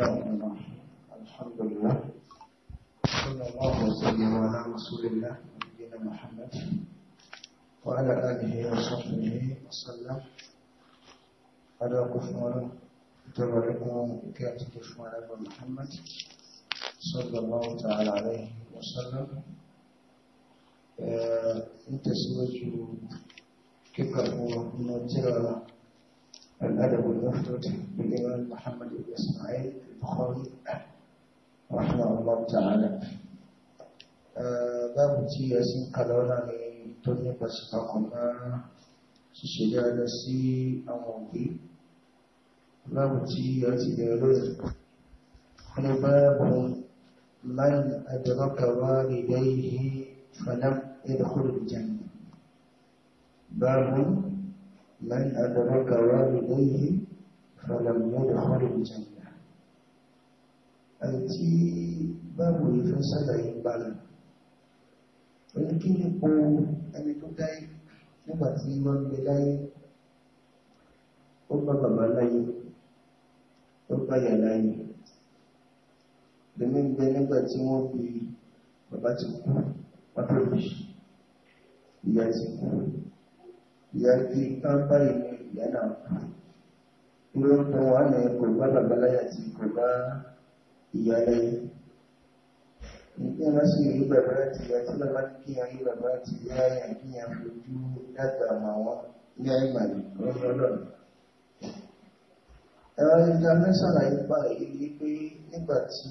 الحمد لله صلى الله وسلم على رسول الله نبينا محمد وعلى آله وصحبه وسلم على كفارة تبرئوا كاتب كفارة محمد صلى الله تعالى عليه وسلم آه، انت سويت كيف هو من الأدب المفرد بالإمام محمد بن إسماعيل Bukhari rahman allah ta'ala báwo tí ẹ sì ń kalẹ̀ ọ́ náà ni tó nípa sípàkọ̀ náà ṣiṣẹ́ dáadáa sí àwọn òbí báwo tí ẹ ti lè lóyè ní báwo láì àjọkọ̀ wá nílé yìí fọlá ìdókòrò ìjẹun báwo láì ẹni tí báàbù yìí fẹ́ sàlàyé balẹ̀ oní kí ni po ẹni tó dáyé nígbà tí wọ́n gbé láyé ó bá bàbá láyé ó bá yà láyé lèmi gbé nígbà wọ́n fi bàbá ti kú pàtàkì ìyá ti kú ìyá ti ká báyìí ní ìyá náà kú ìlú tó wà ní kò bá bàbá láyé àti kò bá ìyá lẹ́yìn nígbà wọn sì rí bàbá àti ìyá tí bàbá ní kí ayé bàbá àti ìyá yẹn kí yẹn fojú dàgbà mà wọn ní ayé màlẹ lọ́dọ̀ ọlọ́run ẹ̀rọ international ipa ìrírí pé nígbà tí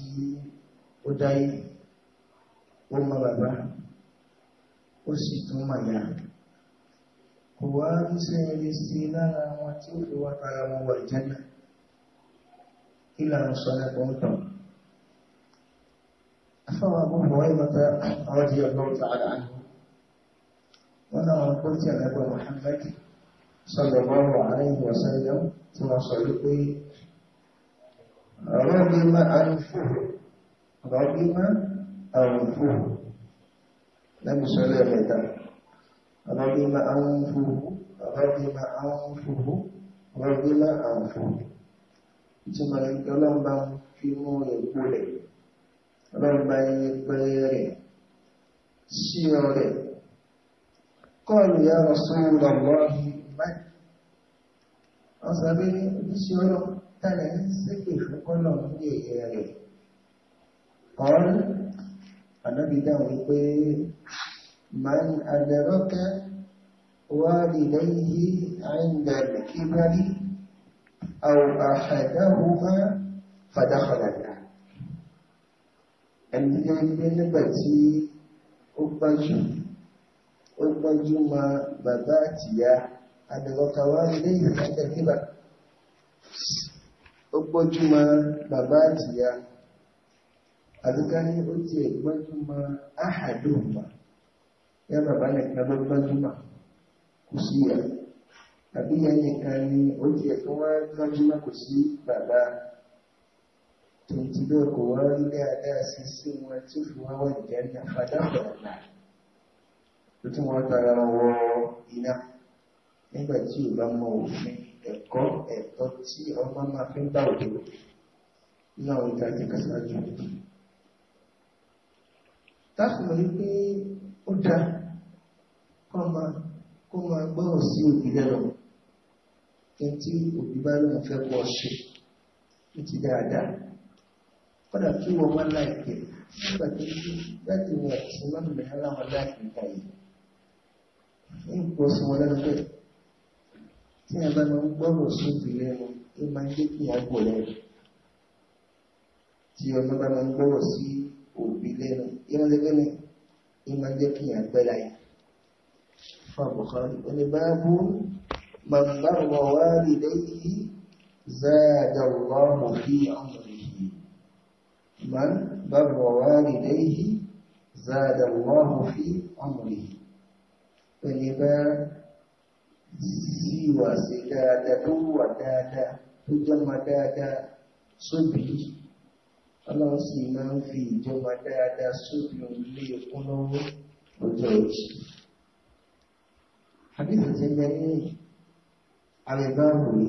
ó dáyé ó mọ bàbá ó sì tún mà yá kò wá ń sẹ́yìn sí lára wọn tí ó fi wá tara wọn wà jẹ́nà kí là sọ nípa ń tàn أخوى أبو هريرة رضي الله تعالى عنه وأنا قلت يا أبو محمد صلى الله عليه وسلم ثم صديقي رغم أنفه رغم أنفه لم يصلي غدا رغم أنفه رغم أنفه رغم أنفه ثم يقول لهم في مولى ọlọ́run bá yí pé rẹ̀ sí ọ̀rẹ́ kọlù ya Rasulullah báyìí wọ́n sọ pé oníṣẹ́ ọlọ́ tẹ́lẹ̀ ń ṣépè fún kọ́nà ní èyẹ rẹ̀ ọ̀rẹ́ ànábì dáhùn pé man adraka walidayhi 'inda al-kibari aw ahadahuma fadakhala ẹni tó ń gbé nígbà tí ó gbájú ó gbájú ma bàbá àtìyá àdìrọ̀kà wá ilé ìrìnàjò nígbà ó ma bàbá àtìyá àdúgbà ní ó ti gbájú ma áhàdó yá bàbá nìkan ló gbájú mà kò sí àbí nìkan tòun ti bẹ́ẹ̀ kò wá rí dáadáa sí sí wọn tí ó fi wá wà ní jẹ́nà fàdábà náà tó tún wọ́n tara wọ iná nígbà tí ò bá mọ òfin ẹ̀kọ́ ẹ̀tọ́ tí ọmọ máa fi ń bá òde ní àwọn ìta ti kàṣáájú táfùmọ̀ ní pé ó dá kọ́ máa kó máa gbọ́rọ̀ sí òbí lẹ́rọ̀ kí n tí òbí bá lóun fẹ́ kọ́ ṣe ní ti dáadáa kódà kí wọ́n wá láìpẹ́ nígbà tó kí láti wọ ẹ̀sìn lọ́dún aláwọ̀ láìpẹ́ báyìí ń pọ̀ sí wọn lẹ́nu bẹ́ẹ̀ tí a bá máa ń gbọ́rọ̀ sóbì lẹ́nu ó máa ń jẹ́ kí a gbọ́ lẹ́nu tí ọmọ bá máa ń gbọ́rọ̀ sí ni ó máa ń jẹ́ kí a gbẹ́ láyà fún àbùkárì fi ọmọ من بر والديه زاد الله في عمره فلبا سوى سدادة ودادة تجمع دادة صبري ọlọ́run sì máa ń fi ìjọba dáadáa sóbi orílẹ̀ èkún lọ́wọ́ ọjọ́ ìjì. àbíkàn ti bẹ ní àrẹ̀bá òní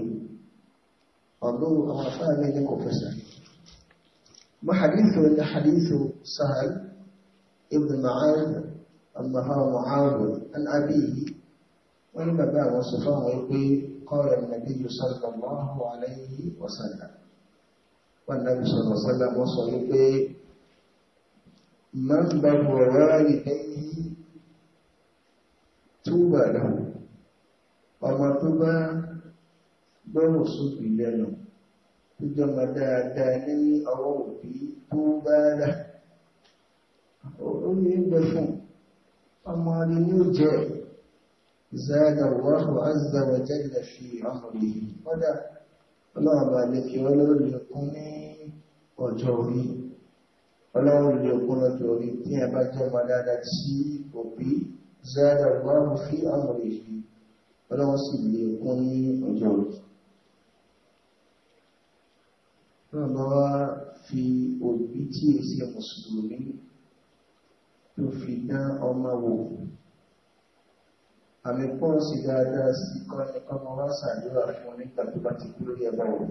ọ̀dọ́ àwọn afárá ní kò fẹsẹ̀ حديثه إلا حديث سهل ابن معاذ أما هو معاذ عن أبيه ولما باع وصفاه يقول قال النبي صلى الله عليه وسلم والنبي صلى الله عليه وسلم وصل يقول من بر والديه توبى له وما توبى بر صدق له jíjọba dáadáa ní ọwọ́ òbí tó bá dá orí ẹgbẹ́ fún ọmọ rí ní ó jẹ́ zaga Allahu azza wa jalla fi amrihi kọ́dà ọlọ́ọ̀bà lè fi ọlọ́rọ̀ lè kún ní ọjọ́ orí ọlọ́run lè kún lọ́jọ́ orí tí ẹ bá jẹ́ ọmọ dáadáa sí òbí zaga Allahu fi amrihi ọlọ́run sì lè kún ní ọjọ́ orí náà bá wá fi òbí tí è sí mùsùlùmí tó fi dán ọmọ wò àmì pọ́ sí dáadáa sí kọ́ ní kọ́mọ wá sàdúrà fún nígbà tó bá ti kú lórí ẹbọ wò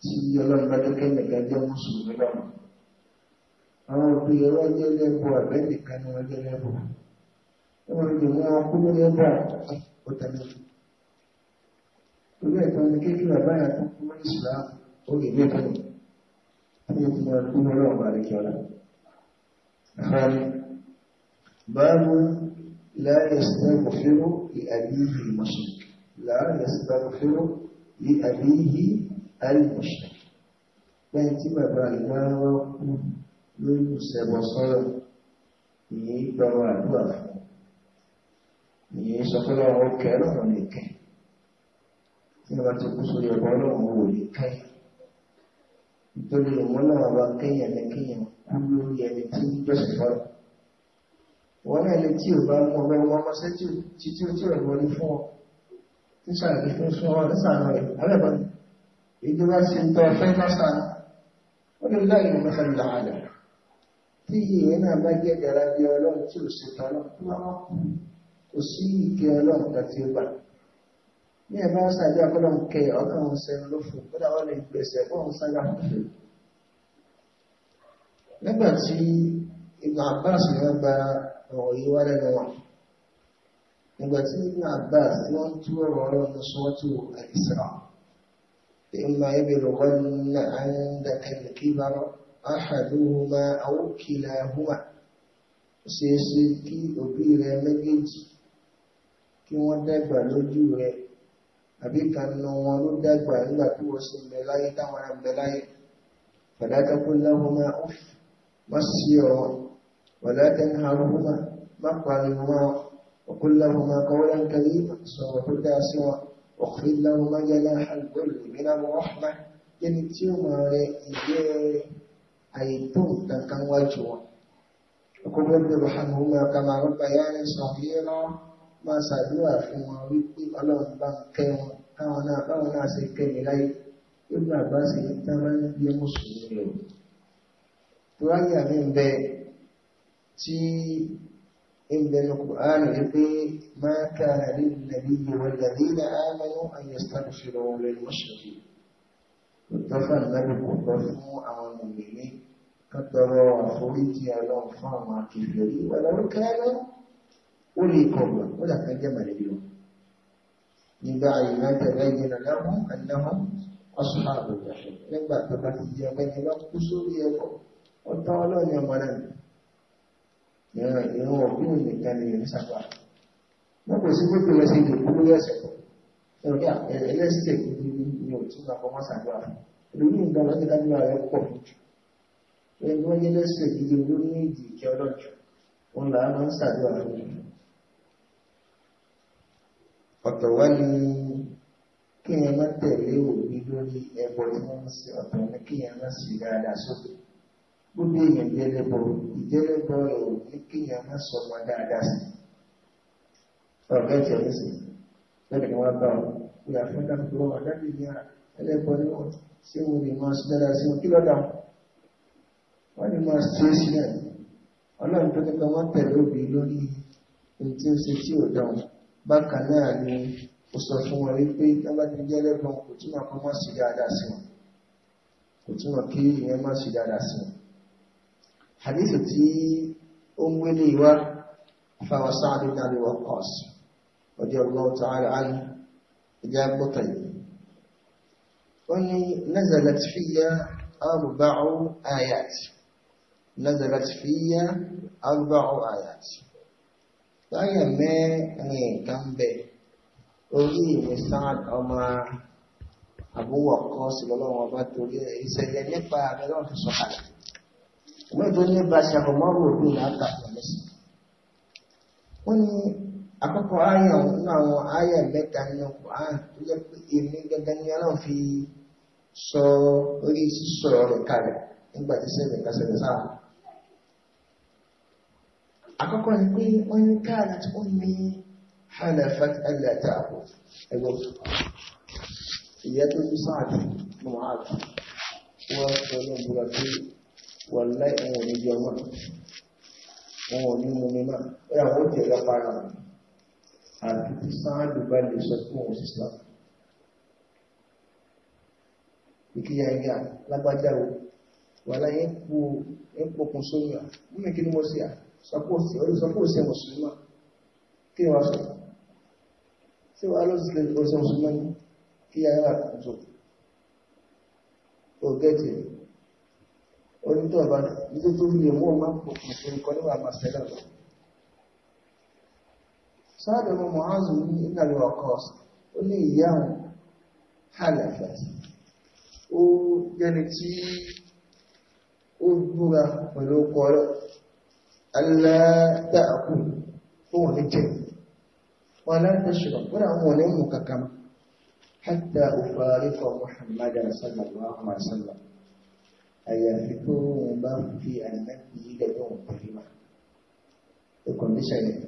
tí ọlọ́run bá dẹ́kẹ́ nìkan jẹ́ mùsùlùmí náà àwọn òbí ẹ̀rọ jẹ́ lẹ́bọ̀ àbẹ́ nìkan ni wọ́n jẹ́ lẹ́bọ̀ wọ́n lè mú wọn kú lórí ẹbọ ó tẹ̀lé فلقيت أن كيف أن يكون باب لا يستغفر لأبيه المشرك لا يستغفر لأبيه المشرك لأنت ما بعلم من سبع صلاة ni dɔwɔ a do a fɔ ni tí wọ́n ti kú sórí ẹ̀kọ́ ọlọ́run wò lè káyà nítorí ìwọ́n náà wá kéèyàn ní kéèyàn kú lórí ẹni tí ń gbẹ̀sẹ̀ fọ́lá wọ́n náà ẹni tí ò bá mú ọgbẹ́ wọn ọmọṣẹ́ tí tí tí ó tí ò wọlé fún ọ tí sàrẹ̀ fún sún ọ lẹ́sàánú rẹ̀ alẹ́bọn èdè wá sí ń tọ́ fẹ́ lásán ó lè láì mú mẹ́fẹ́ làálẹ̀ tí ìwé náà bá jẹ́ bí ọlọ́run tí ò ṣe tọ́lọ́ tó kú ní ẹ̀bá ṣàdé ọkọ̀lọ́n kẹ ọkàn ṣẹun ló fò kódà wọ́n lè gbèsè fóun sága fòfò nígbà tí Ibn Abbas ní gba ọ̀rọ̀ yìí wá lẹ́nu nígbà tí Abbas tí wọ́n tú ọ̀rọ̀ ọlọ́run sọ́tù al-Isra إما ṣeéṣe kí òbí rẹ méjèèjì kí wọ́n dẹ́gbà lójú àbí kanu wọn ló dàgbà nígbà tí wọ́n sì bẹ láyé táwọn ará bẹ láyé fàdákàkú láhùnmá ọ̀f má sí ọ̀rọ̀ wàlátẹ́ni harúnmá má pariwo wọn ọkùn láhùnmá kọ́wọ́lá kàrí sọ̀rọ̀ tó dá sí wọn ọ̀fẹ́ láhùnmá yálà àgbẹ̀rẹ̀ mìíràn ọ̀hánà yẹni máa ṣàdúrà fún wọn wípé ọlọ́run bá ń kẹ́ wọn káwọn náà báwọn náà ṣe kẹ́ mi láyé ibùdó àbá sì ní tá a bá ń gbé mùsùlùmí o. Tùwáyé àmì ń bẹ tí ń bẹ ní Kùránì wípé máa ká àrí nàbí ìwọ̀n làbí ní àmàlú àyẹ̀sán ìṣòro rẹ̀ mọ́ṣọ̀rì. Tọ́fà nàbí kò tọ́ fún àwọn mùmìnì kátọrọ àforíjì ọlọ́run fún àwọn akẹ́kẹ̀ẹ́ wọ́n lọ́wọ́ kẹ́lẹ́ orí ikọ̀ gbà ó dà kan jẹ́ mọ̀lẹ́bí wọn nígbà ìlà tẹ̀lé ìjìnà lẹ́wọ̀n àlẹ́wọ̀n ọ̀sùn ààbò ìyàfẹ́ nígbà tó bá ti jẹ́ ọgbẹ́ni lọ kú sórí ẹ̀kọ́ ó tọ́ ọlọ́ọ̀ni ọmọ náà ìran ìran ọ̀gbìn nìkan ni ìrìn sábà wọn kò sí pé kí wọ́n ṣe ìdòkú lórí ẹ̀sẹ̀ kan ẹ̀rọ ẹlẹ́sẹ̀ ni ni ò tún àpọ̀ mọ́ sàdúrà lórí nǹkan lọ́dẹ dájúmọ́ rẹ̀ pọ̀ ẹni wọ́n ní ni kúrú lórí ìdí ìkẹ́ ọlọ́jù wọn làá máa ń sàdúrà fún un ọ̀tọ̀ wá ní kí ẹ má tẹ̀lé òbí lórí ẹbọ tí wọ́n ń ṣe ọ̀tọ̀ ní kí ẹ má sì dáadáa sókè gbogbo èèyàn jẹ́lẹ́bọ ìjẹ́lẹ́bọ ẹ̀ ò ní kí ẹ má sọ ọmọ dáadáa sí ọ̀gá ẹ̀jẹ̀ ní sí lẹ́nu ni wọ́n bá ọ ìyá fún dáàbò lọ́wọ́ dáàbò ìyá ẹlẹ́bọ ni wọ́n ṣé wọ́n lè máa sọ dáadáa sí wọn kí lọ́dà wọ́n lè máa ṣe é sílẹ̀ ọlọ́run tó ní kí wọ́n tẹ̀lé bákan náà ni ó sọ fún wọn wípé tábàtí jẹ́ lẹ́gbọ́n kò túnmọ̀ kó má sí dáadáa sí wọn kò túnmọ̀ kí ìyẹn má sí dáadáa sí wọn hadithu tí ó ń gbé ní ìwá fáwọn sáàdì náà ni wọ́n kọ́ sí ọjọ́ ọgbọ́n tó ara ayé ìjà gbọ́tọ̀ yìí ó ní nazalat fiya arba'u ayat nazalat fiya arba'u ayat láyà mẹ́rin nǹkan bẹ̀ orí ìwé sáàd ọmọ àbúwọ̀ kan sí lọ́lọ́wọ́ ọba torí ìṣẹ̀lẹ̀ nípa rẹ̀ lọ́n fi sọ̀kalẹ̀ ìwé tó ní bá ṣe àkọmọ́rò òbí látàkùn lẹ́sìn wọ́n ní àkọ́kọ́ ayà nínú àwọn ayà mẹ́ta nínú Qur'an tó jẹ́ pé èmi gẹ́gẹ́ ní ọlọ́run fi sọ orí àkọ́kọ́ ni pé wọ́n ní káàlá tí ó ní halafat alátàkù ẹgbẹ́ ìyá tó ní sáàdì mọ́ àti wọ́n sọ ní ìbúra pé wọ́n láì ẹ̀wọ̀n ní jọ mọ́ wọn ò ní mú mi mọ́ ẹ̀ àwọn òjì ẹ̀rọ para wọn àti tí sáàdì bá lè sọ fún òun sísá ìkíyà ìyá lágbájá o láyé ń pokùn sóyún à mú mi ni mo ṣe à sọpọ̀ sí mùsùlùmá kí wá sọ tí wá lọ sílẹ̀ ìgbọ́sẹ̀ mùsùlùmá ní kí a yára àkójọ tó gẹ́ẹ̀tì onítọ̀ bá nítorí tó lè mú ọmọ pọ̀pọ̀ sí nǹkan níwà màsẹ́lá lọ sáàdọ̀ mọ́ mọ́hánzù ní ìgbàlẹ̀ ọkọ̀ ó ní ìyá àwọn hàlàfà ó jẹ́ni tí ó aláàtàkù fún wọn jẹ́ wọn aláàtàṣìrọ̀ wọ́n àwọn ọ̀nà mú kàkàmà hátà òfàríkọ̀ Muhammadu sallallahu alaihi wasallam àyàfi tó wọn bá fi ànábì ilẹ̀ tó wọn pẹ̀lú wa ìkọ̀ndíṣà yẹn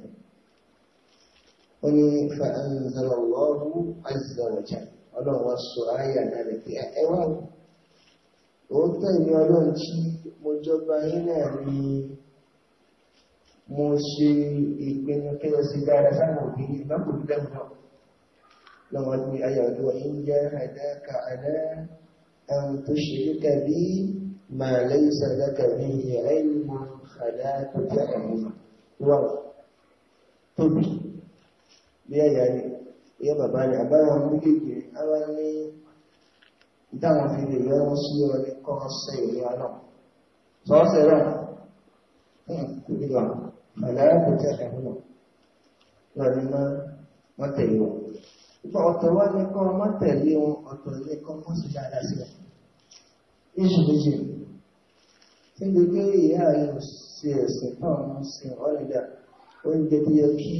wọ́n ni fa'anzalallahu azza wa jalla ọlọ́run wá sọ ayà náà rẹ̀ pé ẹ wá òótọ́ ìní ọlọ́run tí mo jọba yín náà ní mo ṣe ìpinnu kí o sí dára sáwọn òbí ìgbàmù lẹ́mù náà lọ́wọ́ ní ayàdó ìyẹ́ àdáka àdá ẹ̀rùn tó ṣe lókà bí ma lẹ́yìn sàdáka bí ẹ̀yìnmọ̀ àdá tó jẹ́ ẹ̀rùn wọ́n tóbi bí ẹ̀yà ni ìyẹ́ bàbá ni àbáwọn méjèèjì àwọn ní dáwọn fi lè yọ sí ọ ní kọ́ ọ̀sẹ̀ ìlú aná sọ́ọ́sẹ̀ náà kò ní gbàgbọ́ فلا تتبعوا ظلما وتيوا Ipa ọ̀tọ̀ wá ní kọ́ ọmọ tẹ̀lé wọn ọ̀tọ̀ ní kọ́ mọ́ sí dáadáa sí wọn. Yíṣù méjì tí ń gbé ìyá ayò sí ẹ̀sìn fáwọn ọmọ sí ọ̀rẹ́dà oúnjẹ tó yẹ kí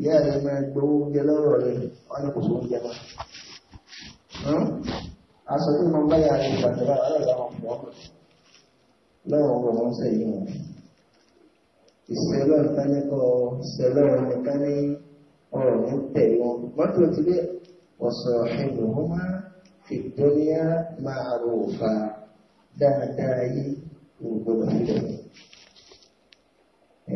ìyá rẹ̀ máa gbowó oúnjẹ lọ́rọ̀ rẹ̀ wọ́n ní kò sí oúnjẹ náà. Aṣọ tí mo bá yà rẹ̀ pàtàkì ọ̀rọ̀ làwọn ọmọ lọ́wọ́ ọmọ sẹ́yìn wọn ìṣẹ̀lẹ̀ ìtànẹ́kọ̀ ìṣẹ̀lẹ̀ ẹ̀nìkan ní ọ̀rọ̀ ní tẹ̀lé wọn wọ́n tó ti lé ọ̀sọ̀ ẹ̀lùmọ́ fi dúníà máa rò fa dáadáa yìí gbogbo sílẹ̀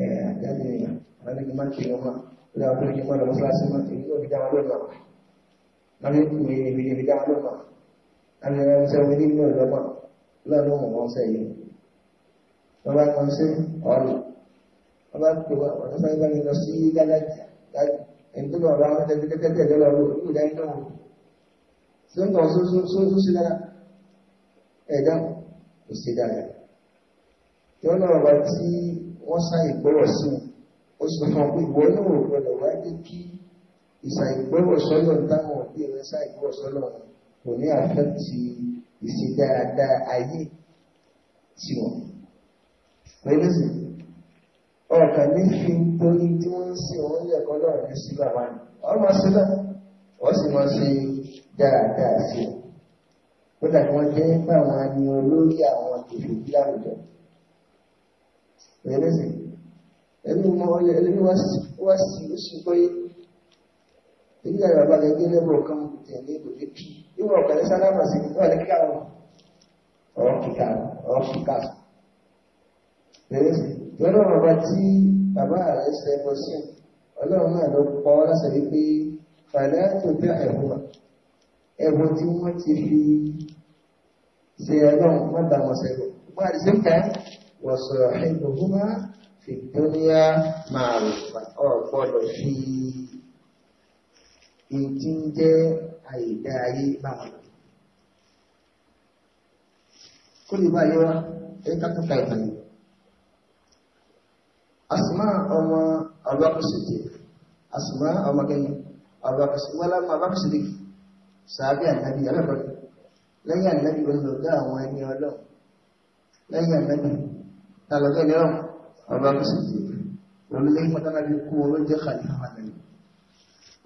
ẹ̀ àjáde èèyàn wọ́n ní kí máa ń kiri wọn lọ́wọ́ àwọn akérèké máa lọ mọ́ṣáláṣí máa kiri ní òbíjà wọn lọ́nà wọ́n ní kùmí ní ọlọ́pẹ́ wa ọ̀rọ̀ sáyẹ́gbá mi lọ sí gálàjà ẹni tó lọ́rọ̀ àwọn tẹ́tẹ́tẹ́tẹ́ tẹ̀lé lọ́rọ̀ yóò dá iná wọn. sọ́ńtọ̀ sọ́ńtọ̀ sí dára ẹ̀dá kò sí dára. yọ́n náà wá tí wọ́n sá ìgbọ́rọ̀ sí wọn ó sọ fún pé ìwọ náà ò gbọdọ̀ wá dé kí ìsà ìgbọ́rọ̀ ẹ̀ẹ̀kan ní fi torí tí wọ́n ń sí òun lẹ́ẹ̀kan náà ní sí bàbá ni wọ́n máa ṣe náà wọ́n sì máa ṣe dáadáa sí i ó dàbí wọ́n jẹ́ pé àwọn ni olórí àwọn kìfì bí àwùjọ ẹ̀ẹ́dẹ́sì ẹni mọ ọyọ ẹni wá sí ó sì gbọ́yé èyí náà bàbá gbé lẹ́bọ̀ kan tẹ̀lé ìbòdè kí ìwọ̀n ọ̀kadà sálámà sí ìwọ̀n ní kíkà ọ̀rọ̀ kíkà ọ̀rọ̀ kíkà ẹ̀ẹ́dẹ́sì lọ́dọ̀ ọba tí bàbá rẹ̀ ṣẹbọ sí ọlọ́run náà ló pọ́ lọ́sẹ̀ wípé fàlẹ́ tó bẹ́ ẹ̀bùn ẹ̀bùn tí wọ́n ti fi ṣe ọlọ́run wọ́n bá wọn ṣẹbọ wọ́n àti sí kẹ́ wọ́n sọ̀rọ̀ ẹ̀bùn má fi dúnìá máa rò ọ̀gbọ́dọ̀ fi ìdí ń jẹ́ àìdá ayé báwọn kó lè bá yẹ wá ẹ̀ka tó ka ìtàn Asma ọmọ abakasidi Asma ọmọ kẹyìn abakasidi wọlé ọmọ abakasidi sàbí ànábì alábọ̀dé lẹ́yìn ànábì wọn lọ́gá àwọn ẹni ọlọ́run lẹ́yìn ànábì tàlọ́gá ẹni ọ̀hún abakasidi olùlẹ́yìn mọ́tàlábí kú olóúnjẹ kàlí àwọn ànábì.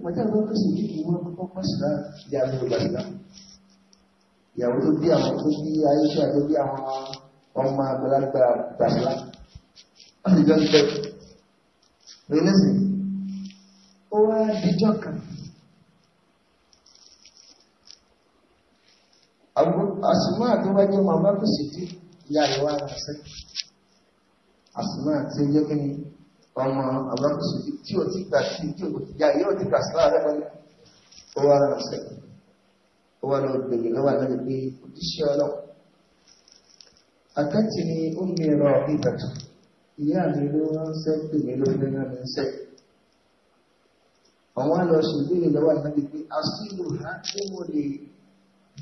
mọ́tà abakasidi kì í wọ́n kọ́kọ́ pàṣẹ ìyá mi ò gbàgbà ìyàwó tó bí àwọn tó bí ayé tó bí àwọn ọmọ láti jọ ti bẹ̀rẹ̀ lónìí ó wá díjọ́ kan àsùnmọ́ àti wá jẹ́ màmá kò sì dé ìyá rẹ̀ wá rà sẹ́ àsùnmọ́ àti ẹjọ́ kí ni ọmọ àbákòsí tí ò ti gbà sí tí ò ti gbà yóò ti gbà sí láàárẹ̀ wọn ó wá rà sẹ́ ó wá lọ bèrè lọ́wọ́ àlẹ́ pé òjíṣẹ́ ọlọ́run àkáǹtì ni ó mi rọ ìgbà tó ìyá mi ló ránṣẹ́ pè mí lórí náà mi ń sẹ́. àwọn lọ ṣèbéèrè lọ́wọ́ àtàkì pé àṣìlò ha tí mo lè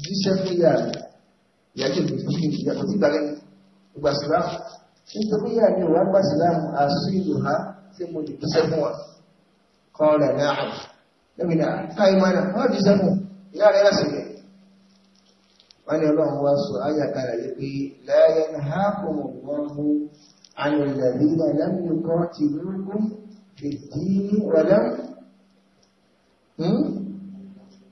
jíṣẹ́ fún ìyá mi ìyá tí mo fi ìyá tó ti gbàgbé ìgbà sílámù nítorí ìyá mi ò wá gbà sílámù àṣìlò ha tí mo lè jíṣẹ́ fún wa. kọ́ọ̀lá náà lẹ́mi ah, náà káyọ̀ máa náà wọ́n jíṣẹ́ fún ìyá rẹ̀ láti rẹ̀. ọlọ́run wá sọ ayàkálà yìí pé láyé ní hákùnmù wọ́n mú عن الذين لم يقاتلوكم في الدين ولم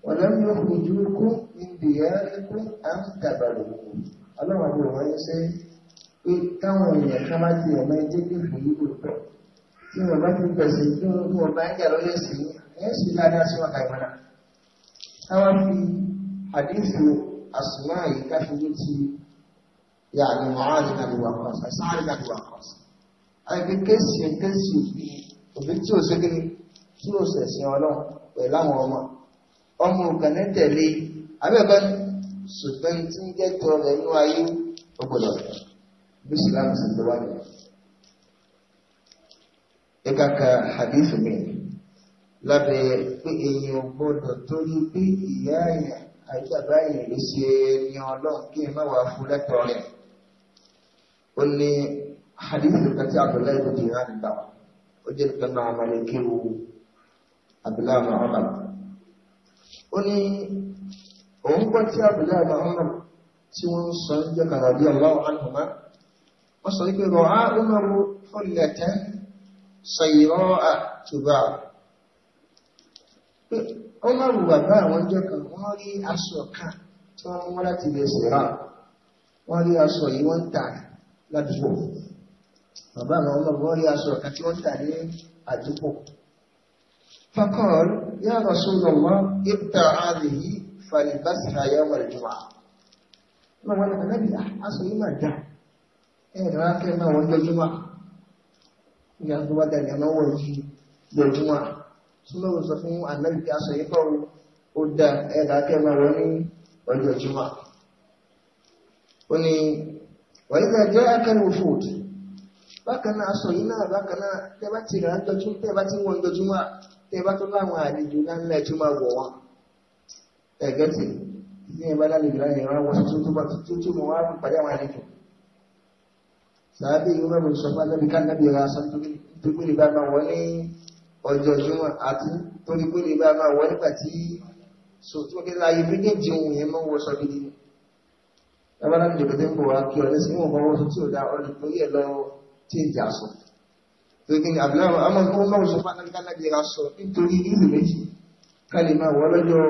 ولم يخرجوكم من دياركم أن تبروهم الله أبو هريرة says pé káwọn èèyàn ká má ti ẹ̀mọ́ ẹjẹ́ kí fún yípo pẹ̀ tí wọ́n bá ti pẹ̀sẹ̀ tí wọ́n bí wọ́n bá ń jà lọ́yẹ̀ sí ẹ̀yẹ́ sí dáadáa sí ọ̀gá ìmọ̀ra káwọn fi àdéhùn àsùnmọ́ àyíká fojú ti yani Mu'adh bin Abi Waqqas Sa'ad bin Abi Waqqas àìpé kéèsì ẹ̀ kéèsì òbí òbí tí ó ṣe kí tí ó ṣẹ̀sìn ọlọ́run pẹ̀lú àwọn ọmọ ọmọ ògàn ní tẹ̀lé abẹ́ẹ̀kọ́ ṣùgbọ́n tí ń jẹ́ tọ́ rẹ̀ inú ayé ọgbọ̀dọ̀ bí Ìsìlámù sì tó wà ní ìkàkà hadith mi lábẹ́ pé èèyàn gbọ́dọ̀ ó ní hadith nìkan tí abdullahi bin jihar gbà ó jẹ́ nìkan náà malikiru abdullahi muhammad ó ní òun gbọ́ tí abdullahi muhammad tí wọ́n sọ ń jẹ́ kàrà bí allah anhuma wọ́n sọ wípé rọ̀ á umaru fúnlẹ̀tẹ́ sọ̀yìnrọ̀ àtúbà umaru bàbá àwọn jẹ́ kan wọ́n rí aṣọ kan tí wọ́n mú láti lè sèrà wọ́n rí aṣọ yìí wọ́n ń tà rẹ̀ ládùúgbò bàbá àwọn ọmọ ọgbọ́n rí aṣọ àti wọ́n tà ní àdúgbò fakọ́l yá Rasulullah ibta àdìyí falibasi àyẹ̀wò ìjọba ma wọn lọ́nà lẹ́bi ah, aṣọ yìí máa dá ẹ̀rọ akẹ́ máa wọ́n jọjúmọ́ ìyá tó bá dàgbà máa wọ̀ yìí jọjúmọ́ súnmọ́ wọn sọ fún ànábì pé aṣọ yìí kọ́ ó dá ẹ̀rọ akẹ́ máa wọ́n ní ọjọ́ jùmọ́ ó ní وإذا جاءك الوفود bákan náà aṣọ yìí náà bákan náà tẹ́ bá ti rà jọjúmọ́ tẹ́ bá ti wọ́n jọjúmọ́ tẹ́ bá tó láwọn àlejò ńláńlá ẹ̀tún máa wọ̀ wọ́n ẹ̀gẹ́tì ní ẹ̀bá lálejò láyé ìran wọn tuntun tó bá tuntun tó mọ̀ wá rú pàdé àwọn àlejò sàábì yìí rọrùn sọ fún anábì kánábì ra aṣọ nítorí lè bá máa wọ ní ọjọ́ jùmọ̀ àti torí pé lè bá máa nígbà tí sòtúnkẹ́ láyé méjèèjì òun yẹn mọ́ wọ sọ gidi ni ẹgbẹ́ láti jẹ́ kẹtẹ́ ń bọ̀ wá kí ọ lẹ́sìn mọ̀ ọmọ ọsọ tí ó dá ọlù torí ẹ̀ lọ tí ń jà sọ torí kí àbúrò àmọ́ ní wọ́n náà sọ fún anáríkà náà bí ra sọ nítorí ìlú méjì ká lè máa wọ́ lọ́jọ́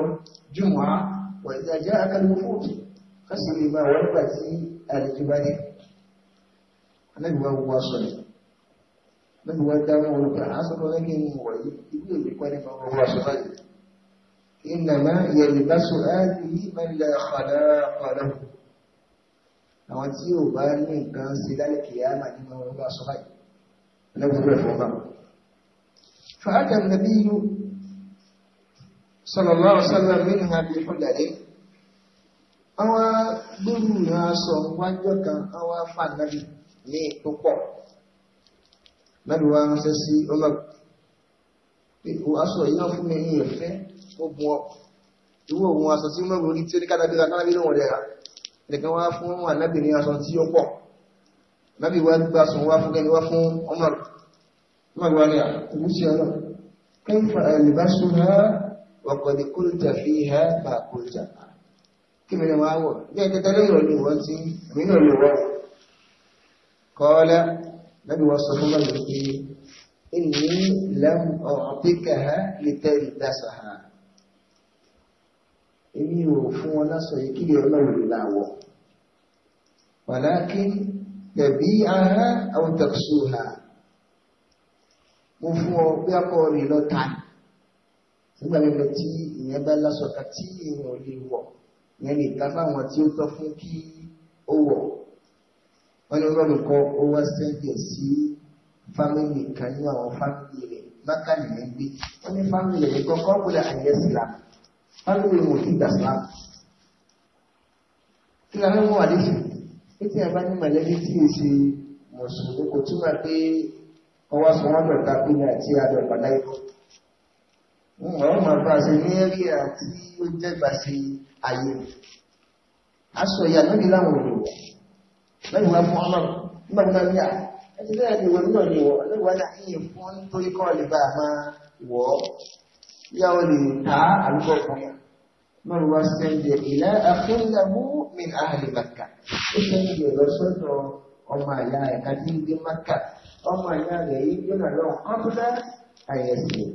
jùmọ̀ á wọ̀ ẹ̀dá jẹ́ akálùkù fóòtù ká sì lè máa wọ́ nígbà tí àlejò bá dé anábì wá wọ́ aṣọ rẹ̀ anábì wá dá wọn olùkọ́ aṣọ tó lẹ́kẹ́ ń wọ̀ yìí ìlú èdè kọ́ nípa إنما يلبس آله من لا خلاق له àwọn tí yóò bá ní nǹkan ṣe lálẹ́ kìíyàmà nínú ọ̀rọ̀ bá sọ́fà yìí lẹ́gbẹ̀rẹ̀ fọ́nbà fàájà nàbí yú sallallahu alaihi wasallam nínú àbí fúdàdé àwọn gbúrú ìran aṣọ wájú kan àwọn afáàgbàbí ní púpọ̀ lẹ́nu wa ránṣẹ́ sí ọlọ́pù aṣọ ìyá fún mi ní ìfẹ́ ó bu ọ ìwọ òun aṣọ tí mọ́rùn orí tí ó ní kádàbí ẹ̀kan wá fún ànábì ní aṣọ tí ó pọ̀ lábì wá gbá aṣọ wá fún gẹ́gẹ́ wá fún ọmọ rẹ̀ wá ní àkúrúsí ọ̀nà kí n fa àlìbáṣu ha wàkọ̀dì kúrúta fi ha bá kúrúta kí mi ní wá wọ̀ bí ẹ tẹ́tẹ́ lẹ́yìn ọ̀nà ìwọ́n tí mi náà lè wọ̀ kọ́ọ́lá lábì wá sọ fún mọ́ ìwé pé إني لم أعطكها لتلبسها èmi ò fún wọn lásọ yìí kí ọlọ́run lè láwọ̀ wàlákí gẹ̀bí ara àwọn tẹ̀sù ha mo fún ọ bí akọ rìn lọ ta nígbà mímọ tí ìyẹn bá lásọ ká tí ìwọ̀n ò lè wọ̀ ìyẹn lè ta fáwọn tí ó tọ́ fún kí ó wọ̀ wọ́n ní ọlọ́run kọ́ ó wá sẹ́gbẹ̀ sí fámìlì kan ní àwọn fámìlì rẹ̀ bákàlì rẹ̀ gbé wọ́n ní fámìlì rẹ̀ kọ́kọ́ kúlẹ̀ àyẹ̀sìlámù alóòrè wò sí gbà sá kí la fẹ́ mú wà lẹ́sìn pé tí a bá ní mọ̀lẹ́bí tí è ṣe mùsùlùmí kò túmọ̀ pé ọwọ́ sọ wọ́n dọ̀ta pé ní àti àdọ̀gbà láyé wọ́n máa bá ṣe ní ẹ̀rí àti ó jẹ́gbà sí ayé aṣọ ìyá lórí láwọn òyìnbó lẹ́yìn wá fún ọlọ́run nígbà tó ní à ẹni lẹ́yìn ìwé náà ni wọ́n lẹ́yìn wá ní yá o lè ta àlùkò kan mọ̀rọ̀ wá sẹ́ńdẹ̀ ìlà àfúnlẹ̀mú min ahli Makkah ó sẹ́ńdẹ̀ lọ sọ́dọ̀ ọmọ àyà ẹ̀ka tí ń gbé Makkah ọmọ àyà rẹ̀ yìí gbọ́nà lọ ọ́bùdá àyẹ̀sìn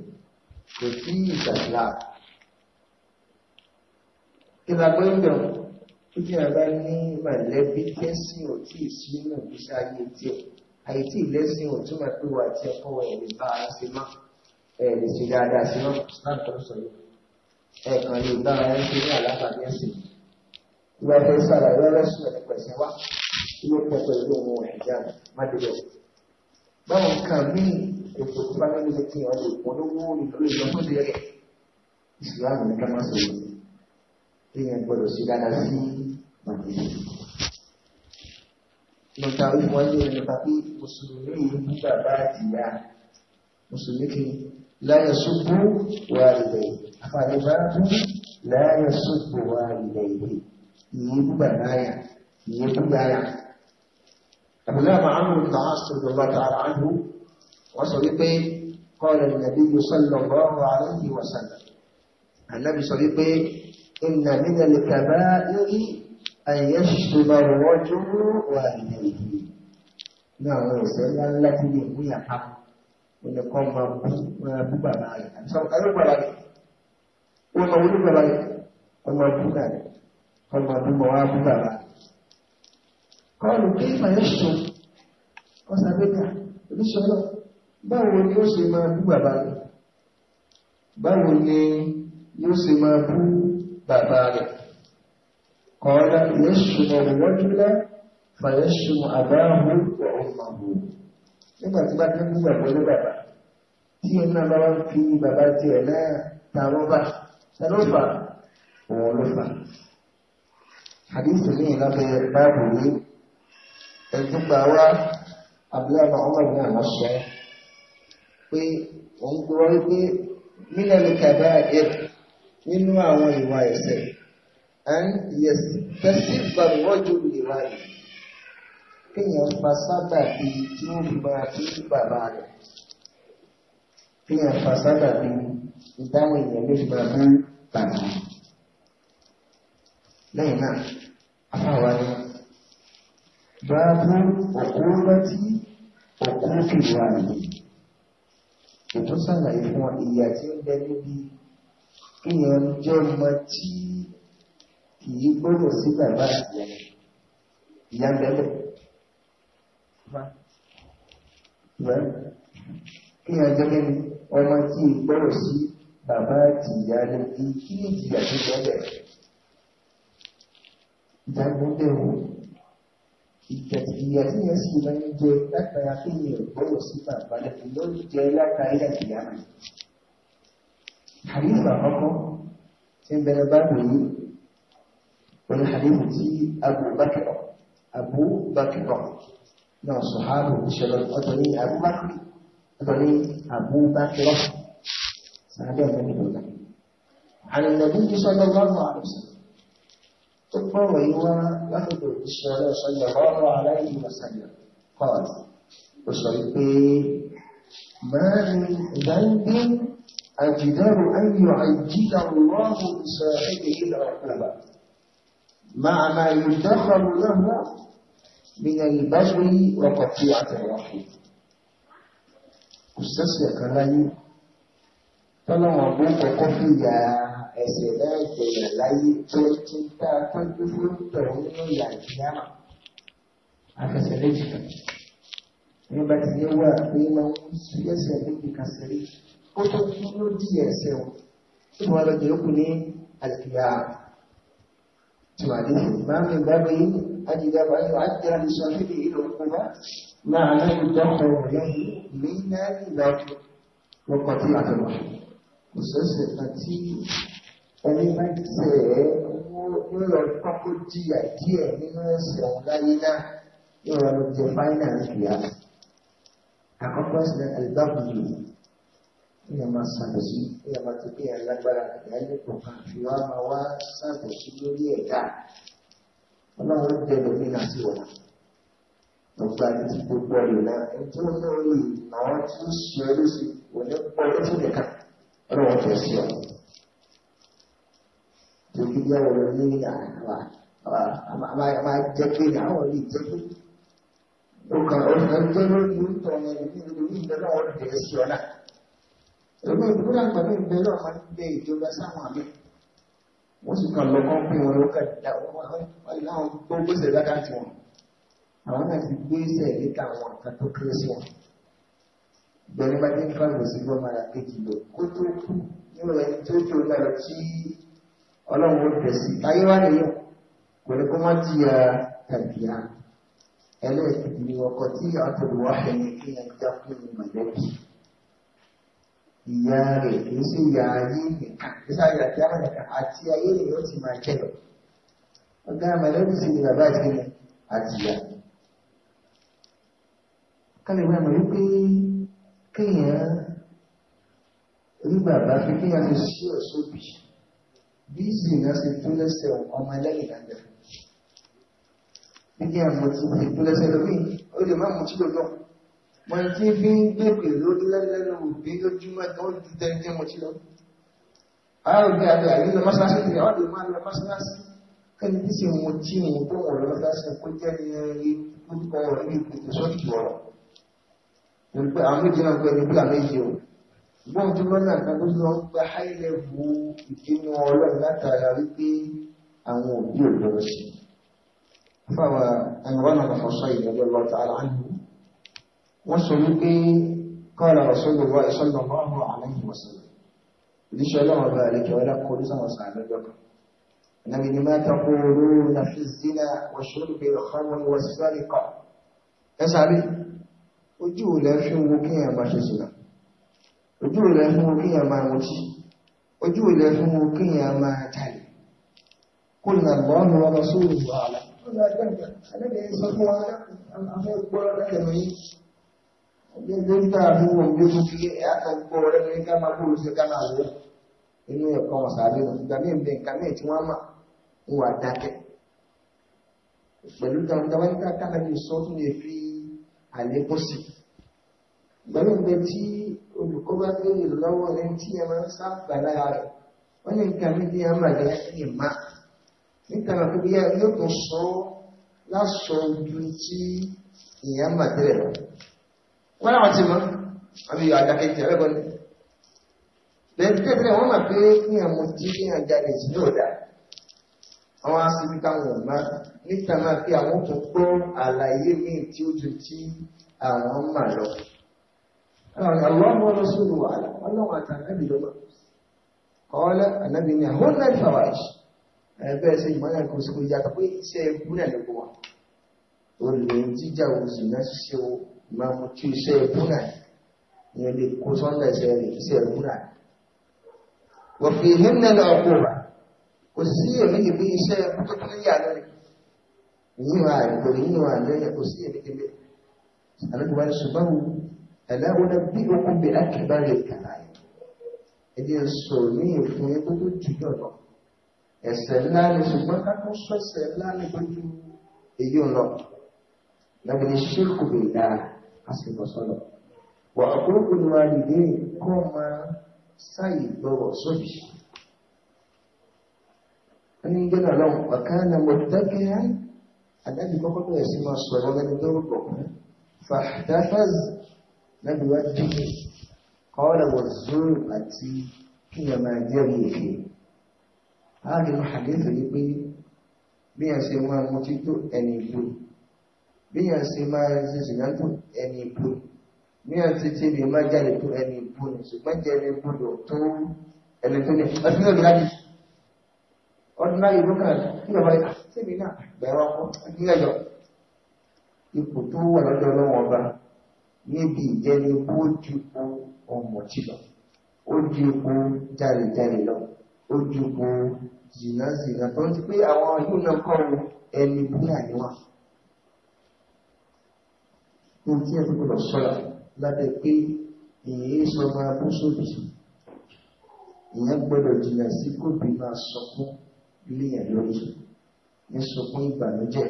kò sí ìgbàgbà ìgbàgbọ́ ìgbàgbọ́ tó jẹ́ àbá ní mọ̀lẹ́bí tẹ́sí ò tí ì sí inú ìgbésí àyè tí ìlẹ́sìn ò túmọ̀ pé wà á ti ẹ̀kọ́ ẹ̀rí bá a ṣe máa ẹ lè ṣe dáadáa sí lọ́pọ̀ islam tó ń sọ yìí ẹ̀ẹ̀kan lè bá ara ń ṣe ní àlàáfàá ẹ̀sìn ìwà ẹ̀fẹ́ sọ̀rọ̀ ẹ̀rọ ẹ̀sùn ẹ̀ nípa ẹ̀sìn wa ilé pẹ̀pẹ̀ ìlú òun ẹ̀já mádìbẹ̀. báwọn nǹkan míì ètò tó bá lẹ́nu lè kí ọ̀dọ̀ ìpọ́n lówó ìlú ìlọ́mọdé rẹ̀ ìsìlámù ní kámá sọ̀rọ̀ èèyàn gbọ́dọ̀ ṣe dáadáa sí màdìbẹ̀. nǹkan àwọn ìwọ́n yóò nípa pé mùsùlùmí ní bàbá àtìyá mùsùlùmí kìí لا يسب والديه فالباب لا يسب والديه يبقى نايا يبقى نايا أبو لاب عمرو بن العاص رضي الله تعالى عنه وصديقه قال النبي صلى الله عليه وسلم النبي صديقه إن من الكبائر أن يشتم الرجل والديه نعم يسأل التي يقوي حق wanda kan ma buba na yi sam kare bala ne ko ma wuri bala ne kan ma buka ne kan ma bú wa buba ba kọlu kí ma yẹ sọ ọsà bẹta ebi sọlọ báwo ni ó ṣe máa bú bàbá rẹ báwo ni yóò ṣe máa bú bàbá rẹ kọlá yẹ sọ ọwọ́ jùlọ fàyẹ sọ àbáhùn ọmọ ọmọ nígbà tí bá ti ń gbàgbọ́ ní bàbá tí ẹ náà bá wá ń fi bàbá tiẹ̀ náà ta rọ́bà ta ló fà òun ló fà. àdéhùn ní ìlàbẹ̀ báàbò yìí ẹ̀dùn gbà wá abúlé àwọn ọmọ ìlú náà lọ́sọ̀ pé òun gbọ́ wípé mílẹ̀ ní kàdá ẹ̀ nínú àwọn ìwà ẹ̀ṣẹ̀ and yes tẹ̀sí gbàgbọ́ jù ìwà yìí kéèyàn fa sábà bí tí wọ́n fi máa fi sí bàbá rẹ̀ kéèyàn fa sábà bí ìdáhùn èèyàn ló fi máa bá bàbá rẹ̀. lẹ́yìn náà afáwa ni báàbù òkú rántí òkú fìwà nìyí ètò sàlàyé fún wa tí ó bẹ níbi kéèyàn jẹ́ ọmọ tí kì í gbọ́dọ̀ sí bàbá àti ìyá ìyá bẹ́ẹ̀ ṣùgbọ́n kí ni ọjọ́ kí ni ọmọ tí ìgbọ́rọ̀ sí bàbá àti ìyá rẹ̀ bí kí ni ìjìyà tó jẹ́ bẹ̀rẹ̀ ìdágbọ́bẹ̀wò ìtẹ̀tìyà tí yẹn sì máa ń jẹ látara kí ni ìgbọ́rọ̀ sí bàbá rẹ̀ ló ń jẹ látara ilẹ̀ ìyá rẹ̀ àdéhùn àkọ́kọ́ tí ń bẹ̀rẹ̀ bá wòye wọn ni tí Abu Bakr Abu Bakr من الصحابة والشباب أدني أبو بكر أدني أبو بكر سعد بن أبي عن النبي صلى الله عليه وسلم ثم ويوى لفظ الشارع صلى الله عليه وسلم قال وصلي ما من ذنب أجدر أن يعجل الله بصاحبه العقبة مع ما يدخر له من البغو وقطيعة الرحم kùsẹ́sẹ̀ kan láyé tọ́lọ́wọ́n bó kọ́kọ́ fìyà ẹ̀sẹ̀ náà jẹ̀yà láyé tó ti dá tọ́jú fún tọ̀hún nínú ìyà ìyáma afẹsẹ̀ méjì kan nígbà pé máa ń fi ẹsẹ̀ méjì kan ó tó kú ló di ẹsẹ̀ o tí wọ́n lọ jẹ́ òkú ní àlùkìyà tí wàá dé fún ìmáàmù ìgbàgbé yìí. أجد ويعجل لصاحبه العقوبة مع ما يدخر إليه من البر وقطيعة الرحم خصوصا التي ẹni máa ń tẹ ẹ ní ọ̀rọ̀ pápó jìyà díẹ̀ nínú ẹ̀sẹ̀ ọ̀hún láyé náà ní ọ̀rọ̀ ló jẹ fáínà nìkìyà àkọ́kọ́ sílẹ̀ àlùbáàbù yìí ní ọmọ ṣàbẹ̀sí ní ọmọ tó fi wá máa wá ṣàbẹ̀sí lórí ẹ̀dá ọlọ́run ń bẹ̀rẹ̀ láti wọ̀nà gbogbo àti gbogbo ọ̀lù náà ẹni tí wọ́n lè àwọn tí ó ṣe ọ́ lóṣù òní ọdún fún nìkan ọlọ́run fẹ́ sí ọ. Tòkí jẹ́ ọ̀rọ̀ ní àmà jẹ́ pé àwọn lè jẹ́ pé ó kàn ó kàn jẹ́ lórí orúkọ ọmọ ẹni nínú ìgbẹ́ náà wọ́n bẹ̀rẹ̀ sí ọ náà. Èmi ìdúró àgbàdo ìgbẹ́ náà máa ń gbé ìjọba sáwọn àmì wọ́n sì kàn lọ kán pín wọn ló kẹta láwọn tó gbèsè lákàtí wọn àwọn náà ti gbèsè níta àwọn nǹkan tó kéré sí wọn bẹ̀rẹ̀ bá dé nǹkan lò sí gbọ́n mara kejì lọ kó tó kú nínú ẹni tó tó lọ tí ọlọ́run ó bẹ̀ sí ayé wá nìyẹn kò ní kó má ti ya tàbí ya ẹlẹ́ẹ̀kejì ni ọkọ̀ tí àtọ̀lùwọ́ ẹni kí ẹni dákú ní mọ̀lẹ́bí ìyá rẹ̀ kìí sí ìyá ayé nìkan ìsá ìyá kí á mọ̀ nìkan àti ayé rẹ̀ yóò ti máa jẹ́ lọ. ọ̀gá mẹ̀lẹ́bí sí ni bàbá àti ilẹ̀ àti ìyá. kálí wá mọ̀ wípé kéèyàn rí bàbá fi kéèyàn fi sí ọ̀ṣọ́ bì bí ìsìnà ṣe tó lẹ́sẹ̀ ọmọ ẹlẹ́yìn láńdẹ̀ fún mi. bí kéèyàn mọ̀ ti tó lẹ́sẹ̀ lọ́wọ́ ó lè má mú tí lọ́gbọ́n wọn tí fi ń gbèpè lórí lẹ́lẹ́nu òbí lójúmọ́ tó ń ju tẹ́lẹ̀ tí mo ti lọ. àárò bí abẹ́ àyè lọ mọ́ṣáláṣí ti àwọn àdèmọ́ lọ mọ́ṣáláṣí kẹ́ni tí sì mo tí mo tó wọ̀ lọ mọ́ṣáláṣí kó jẹ́ ní ẹni orúkọ rẹ̀ ní ìpètè sọ́ọ̀tì ọ̀rọ̀. pẹ̀lú pé àwọn méjì náà pẹ́ ní bílà méjì o. ìgbọ́n tó lọ́nà kan tó lọ ń gba high level ìdínú ọlọ́run látara wípé àwọn òbí ò lọ sí. fáwọn ẹnìwọ́n náà fọ́ sọ ìrẹ́lẹ́ lọ́ta aláàánú وسلوكي قال رسول الله صلى الله عليه وسلم دي شلون ذلك ولا كل سنه وسعدك النبي ما تقولون في الزنا وشرب الخمر والسرقة يا سعدي وجو لا شوك يا ما شسنا وجو لا شوك يا ما موتي وجو لا شوك يا ما تالي قلنا الله ورسوله اعلم لا تنكر انا ليس هو الامر nígbà tí wọ́n gbé tó fi ẹ̀yà kan gbọ́ ọ̀rẹ́ ní ká máa bóòlù sí gánà àwọ̀ inú ẹ̀kọ́ wọn sàárè nù ìgbà mí ìbẹ̀ nǹkan mẹ́ẹ̀ tí wọ́n mà ń wà dákẹ́ pẹ̀lú dáwọn dáwọn nígbà kánà bí sọ tún lè fi àlékún sí ìgbà mí ìbẹ̀ tí olùkọ́ bá wọ́n láwọn ti mọ́ àbí àdàkẹ́jì ẹ̀rẹ́gbọ́n ní lẹ́tẹ̀ẹ́tẹ̀ wọ́n mọ̀ pé kí ẹ̀ mú jí kí ẹ̀ jáde jù yóò dá àwọn asibítà wọn má níta máa fi àwọn tó gbọ́ àlàyé míì tí ó ju tí àwọn mà lọ. Àwọn ọlọ́sùn wà lọ́wọ́ àtàkàbí lọ́wọ́. Kọ́ọ́lẹ́ ànábì ni àwọn náà fàwà ìṣẹ́ ẹgbẹ́ ṣe ìmọ́lẹ̀ kò sí kò yàtọ̀ pé iṣẹ́ ẹkú náà lè bọ̀ wá. Olè jíjà òṣì náà ṣiṣẹ́ owó máa ń tú iṣẹ́ ẹ̀bú náà ìyẹn lè kó sọ́nà ẹ̀ṣẹ̀ rẹ̀ iṣẹ́ ẹ̀bú náà. wọ́n fi ìhín náà lọ kó wa kò sí èméjì bí iṣẹ́ ẹ̀bú tó tún yà lórí ìyín wa àgbẹ̀ ìyín wa àgbẹ̀ kò sí èméjì bí àlejò ṣùgbọ́n ẹ̀dá wọn bí okun bí akẹ́bá rẹ̀ kàrà yìí ẹ̀dí sọ̀rọ̀ ní ìfún yẹn tó jù yọ̀ lọ ńlá ni ṣùgbọ́n ká sọ ẹ̀ṣẹ̀ ńlá ni gbójú èyí ò lọ. لكن الشرك بالله àsìkò sọ́lọ̀. Wà àkókò ni wà nìdí kọ́ máa sáyì gbọ́rọ̀ sóbì. Ẹni gbẹ́nà lọ, ọ̀ká na mo dákẹ́ á, àdájú kọ́kọ́ bẹ̀rẹ̀ sí máa sọ̀rọ̀ lẹ́nu lórúkọ̀. Fàdáfàz lẹ́nu wá dìde. Kọ́ọ̀lá wọ̀ zúrù àti kí ni máa jẹ́ rí èké. Láàrin Mùhàdé tó ní pé bí a ṣe máa mú títú ẹni ìlú bí yẹn ṣe máa ń ṣe ṣìyàn tó ẹni ibú ní ọtí tí mi máa jáde tó ẹni ibú ni ṣùgbọ́n jẹ́ ẹni ibú lò tó ẹni tó ní ọtí lónìí láti ọdún láyé ló kàn kí bàbá yìí ṣé mi náà bẹ̀rẹ̀ ọkọ ẹni ẹ̀yọ ipò tó wà lọ́dọ̀ ọlọ́wọ́n ọba níbi ìjẹni ibú ó ju ipò ọmọọtí lọ ó ju ipò jàrìjàrì lọ ó ju ipò zìnàzìnà tó ń ti pé àwọn yóò náà kọ́ ẹni ibú náà níwọ̀n ní tí ẹ fi gbọdọ̀ sọ́ra lábẹ́ pé èyí sọ máa bú sóbì ìyẹn gbọdọ̀ jìnà sí kóbì máa sọkún léèyàn lórí ní sọkún ìbànújẹ́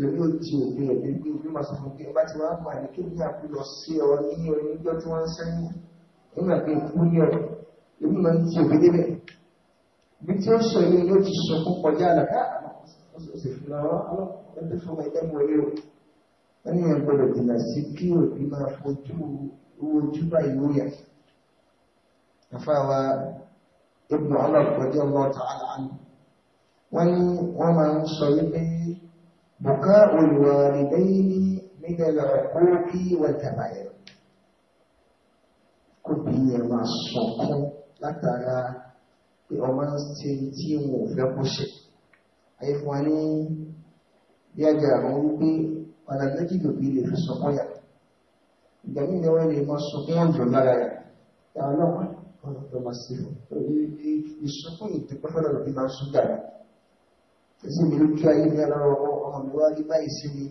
lórí òtí òbí ẹ̀bí bí bí máa sọ fún pé bá ti wá pa ní kí ní àkúlọ sí ọ ní oníjọ́ tí wọ́n ń sẹ́yìn nígbà pé ikú ní ọ lórí máa ń ti òbí débẹ̀ bí tí ó sọ ilé yóò ti sọkún kọjá àlàkà ó sì fi lọ ọlọ́pàá wọ́n ní ẹ̀ gbọ́dọ̀ dènà sí kí òbí máa fojú owó ojú báyìí ó yà àfáwa ibùdó ọlọ́pọ̀jọ́ lọ́ta aláàánú wọ́n ní wọ́n máa ń sọ wípé bùká olùwàrídẹ́yìn nígbẹ̀lẹ̀ òkú wọ̀tàbàyẹ̀ kò bí yẹn máa sọkún látara pé ọmọ ń ṣe tí wọn ò fẹ́ kó ṣe ayé fún wa ní yájà àwọn wípé ọ̀nà méjì lòbí lè fi sọkún yà ìgbàmí ni wọ́n lè mọ sọkún ọjọ́ lára yà yà ọlọ́pàá ọ̀nà tó máa sí fún torí ní ìsọkún ìdúpẹ́ fọ́nà lòbí máa ń sún dàrú èsì mi ló kí ayé ní ọlọ́rọ̀ ọmọ mi wá rí báyìí sí mi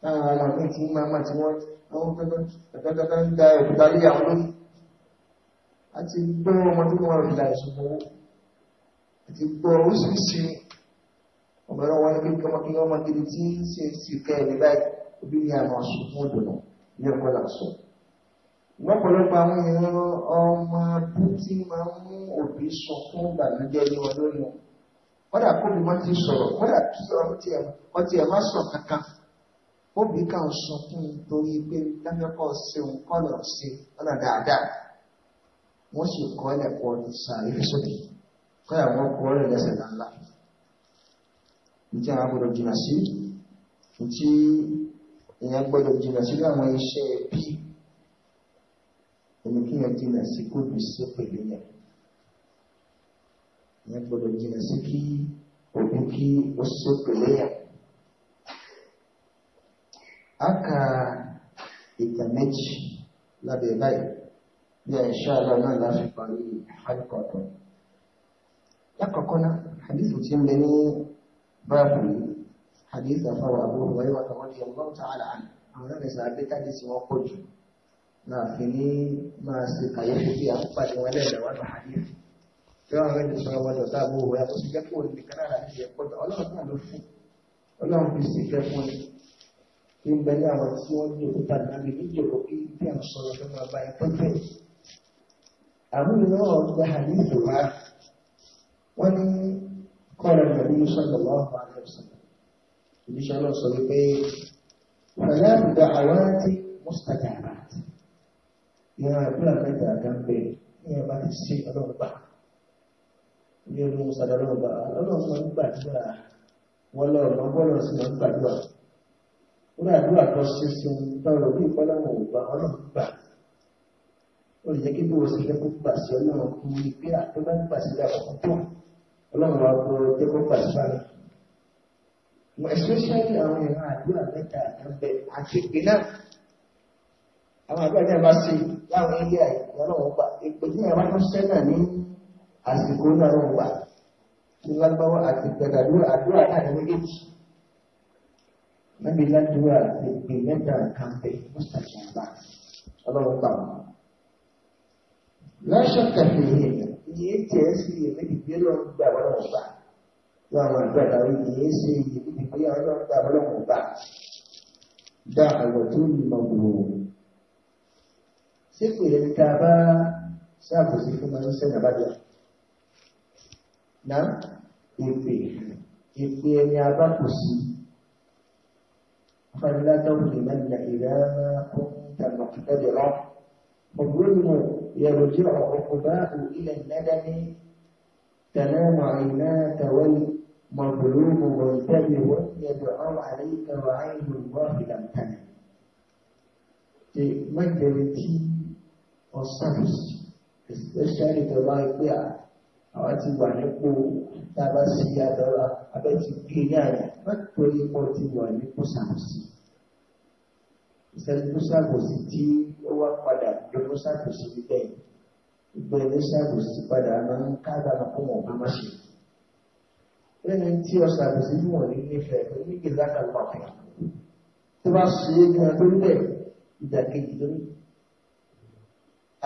táwọn ọmọ mi ti máa máa ti wọ́n àwọn pẹ́pẹ́pẹ́ ń da òkúta lé àwọn lórí àti gbọ́ ọmọ tó kọ́ ọ̀rọ̀ ìlà ìsọkún àti gbọ́ oríṣiríṣi ọmọ ẹ̀rọ wọn ni pé kọ́mọ kí ọmọ kiri tí ṣe sì kẹ́ ẹ̀ nígbà òbí ni àmọ́ sùnfún ìdùnnú ní ẹ̀kọ́ là sọ. lọ́pọ̀lọpọ̀ àwọn èèyàn ọmọ ọdún tí máa ń mú òbí sọ fún ìbànújẹ́ ní wọn lónìí wọn. kódà kó bí wọ́n ti sọ̀rọ̀ kódà kí wọ́n ti ẹ̀ má sọ kankan. òbí kan sọ fún un torí pé lábẹ́kọ̀ ṣeun kọ́lọ̀ ṣe ọ̀nà dáadáa. wọ́n sì kọ́ ẹ̀kọ́ ní sàárè sókè kódà wọ́n lẹ́sẹ̀ náà tí a gbọdọ̀ jìnà sí tí èèyàn gbọdọ̀ jìnà sí láwọn iṣẹ́ ẹbí ẹni kí èèyàn jìnà sí kó lù sí pẹ̀lú yẹn èèyàn gbọdọ̀ jìnà sí kí òbí kí ó sí pẹ̀lú yẹn. a ka ìtàn méjì lábẹ́ báyìí bí a ṣe àlọ́ náà láti parí àlùkò náà àdìsù ti ń bẹ ní báàbù hadith afáwà Abu Hurairah radiyallahu ta'ala anhu àwọn náà lẹ́sà abẹ́tàdé sí wọn pọ̀ jù náà fi ní máa ṣe kàyéfì bí àkópàdé wọn lẹ́ẹ̀dẹ̀ wọn lọ hadith tí wọn rẹ̀ sọ̀rọ̀ wọn lọ tá Abu Hurairah kó sì jẹ́ kó ní kan náà láti ẹ̀kọ́ tó ọlọ́run náà ló fún ọlọ́run قال النبي صلى الله عليه وسلم إن شاء الله صديقين فلام دعوات مستجابات يا كل متى جنبي يا ما تسي الله بقى يا موسى الله بقى الله ما بقى ولا ما ولا سمع بقى wọ́n àdúrà kan ṣe sun báwọn òbí ìpọ́láwọn ògbà ọlọ́run gbà ó lè jẹ́ kí bí wọ́n sì fẹ́ gbà sí ọlọ́run kú ní pé àtọ́gbà gbà sí ìdàkọ̀kọ́ tó ọlọ́run wa kó jẹ́ kó pàṣípàrọ̀ especially àwọn ìran àdúrà mẹ́ta àtàbẹ àti ìpínlẹ̀ àwọn àdúrà náà bá ṣe láwọn ilé àìsàn ọlọ́run gbà èpè ní àwọn akọ́ṣẹ́ náà ní àsìkò ọlọ́run gbà ní lágbáwá àti ìgbàdàdúrà àdúrà náà ní méjèèjì níbi ládùúrà ìpè mẹ́ta àkànbẹ mọ́sàkì àbá ọlọ́run gbà wọn. láṣọ kàfé yìí ìyẹn tẹ̀ ẹ́ sí iye méjì pé lọ́n gbà wọ́n lọ́wọ́ gbà wọ́n àwọn àgbà làwọn ìyẹn ṣe iye méjì pé àwọn lọ́n gbà wọ́n lọ́wọ́ gbà dá àwọn tó ní mọ̀ gbòòrò. sípò yẹn ká bá ṣàbòsí fún wọn ṣẹ́ nàbàdà náà èpè èpè ẹni abákòsí afẹ́lẹ́dọ́gbìn mẹ́ta ìlànà kó ń tàbí ọ̀kẹ́dẹ̀rọ̀ ọ̀gbọ́n mọ̀. يرجع عقباه إلى الندم تنام عينا توي مظلوم منتبه يدعو عليك وعين الله لم تنم The majority of service, especially the right there, àwọn ti wà nípò tá a bá ṣe àdọ́ra abẹ́ ti gbé yára, wọ́n torí pọ̀ ti wà nípò sàmùsì. ìṣẹ́jú ṣàbòsí tí ó wá padà lọ́wọ́ ṣàbòsí níbẹ̀ ìgbẹ́ ilé ṣàbòsí padà máa ń kábàámọ̀ fún wọn bá má ṣe. lẹ́nu tí ọ ṣàbòsí ní wọ̀n nínú ìfẹ́ pé nígbè lákà wà fún un tó bá ṣe é gan tó lẹ̀ ìdàkejì lórí.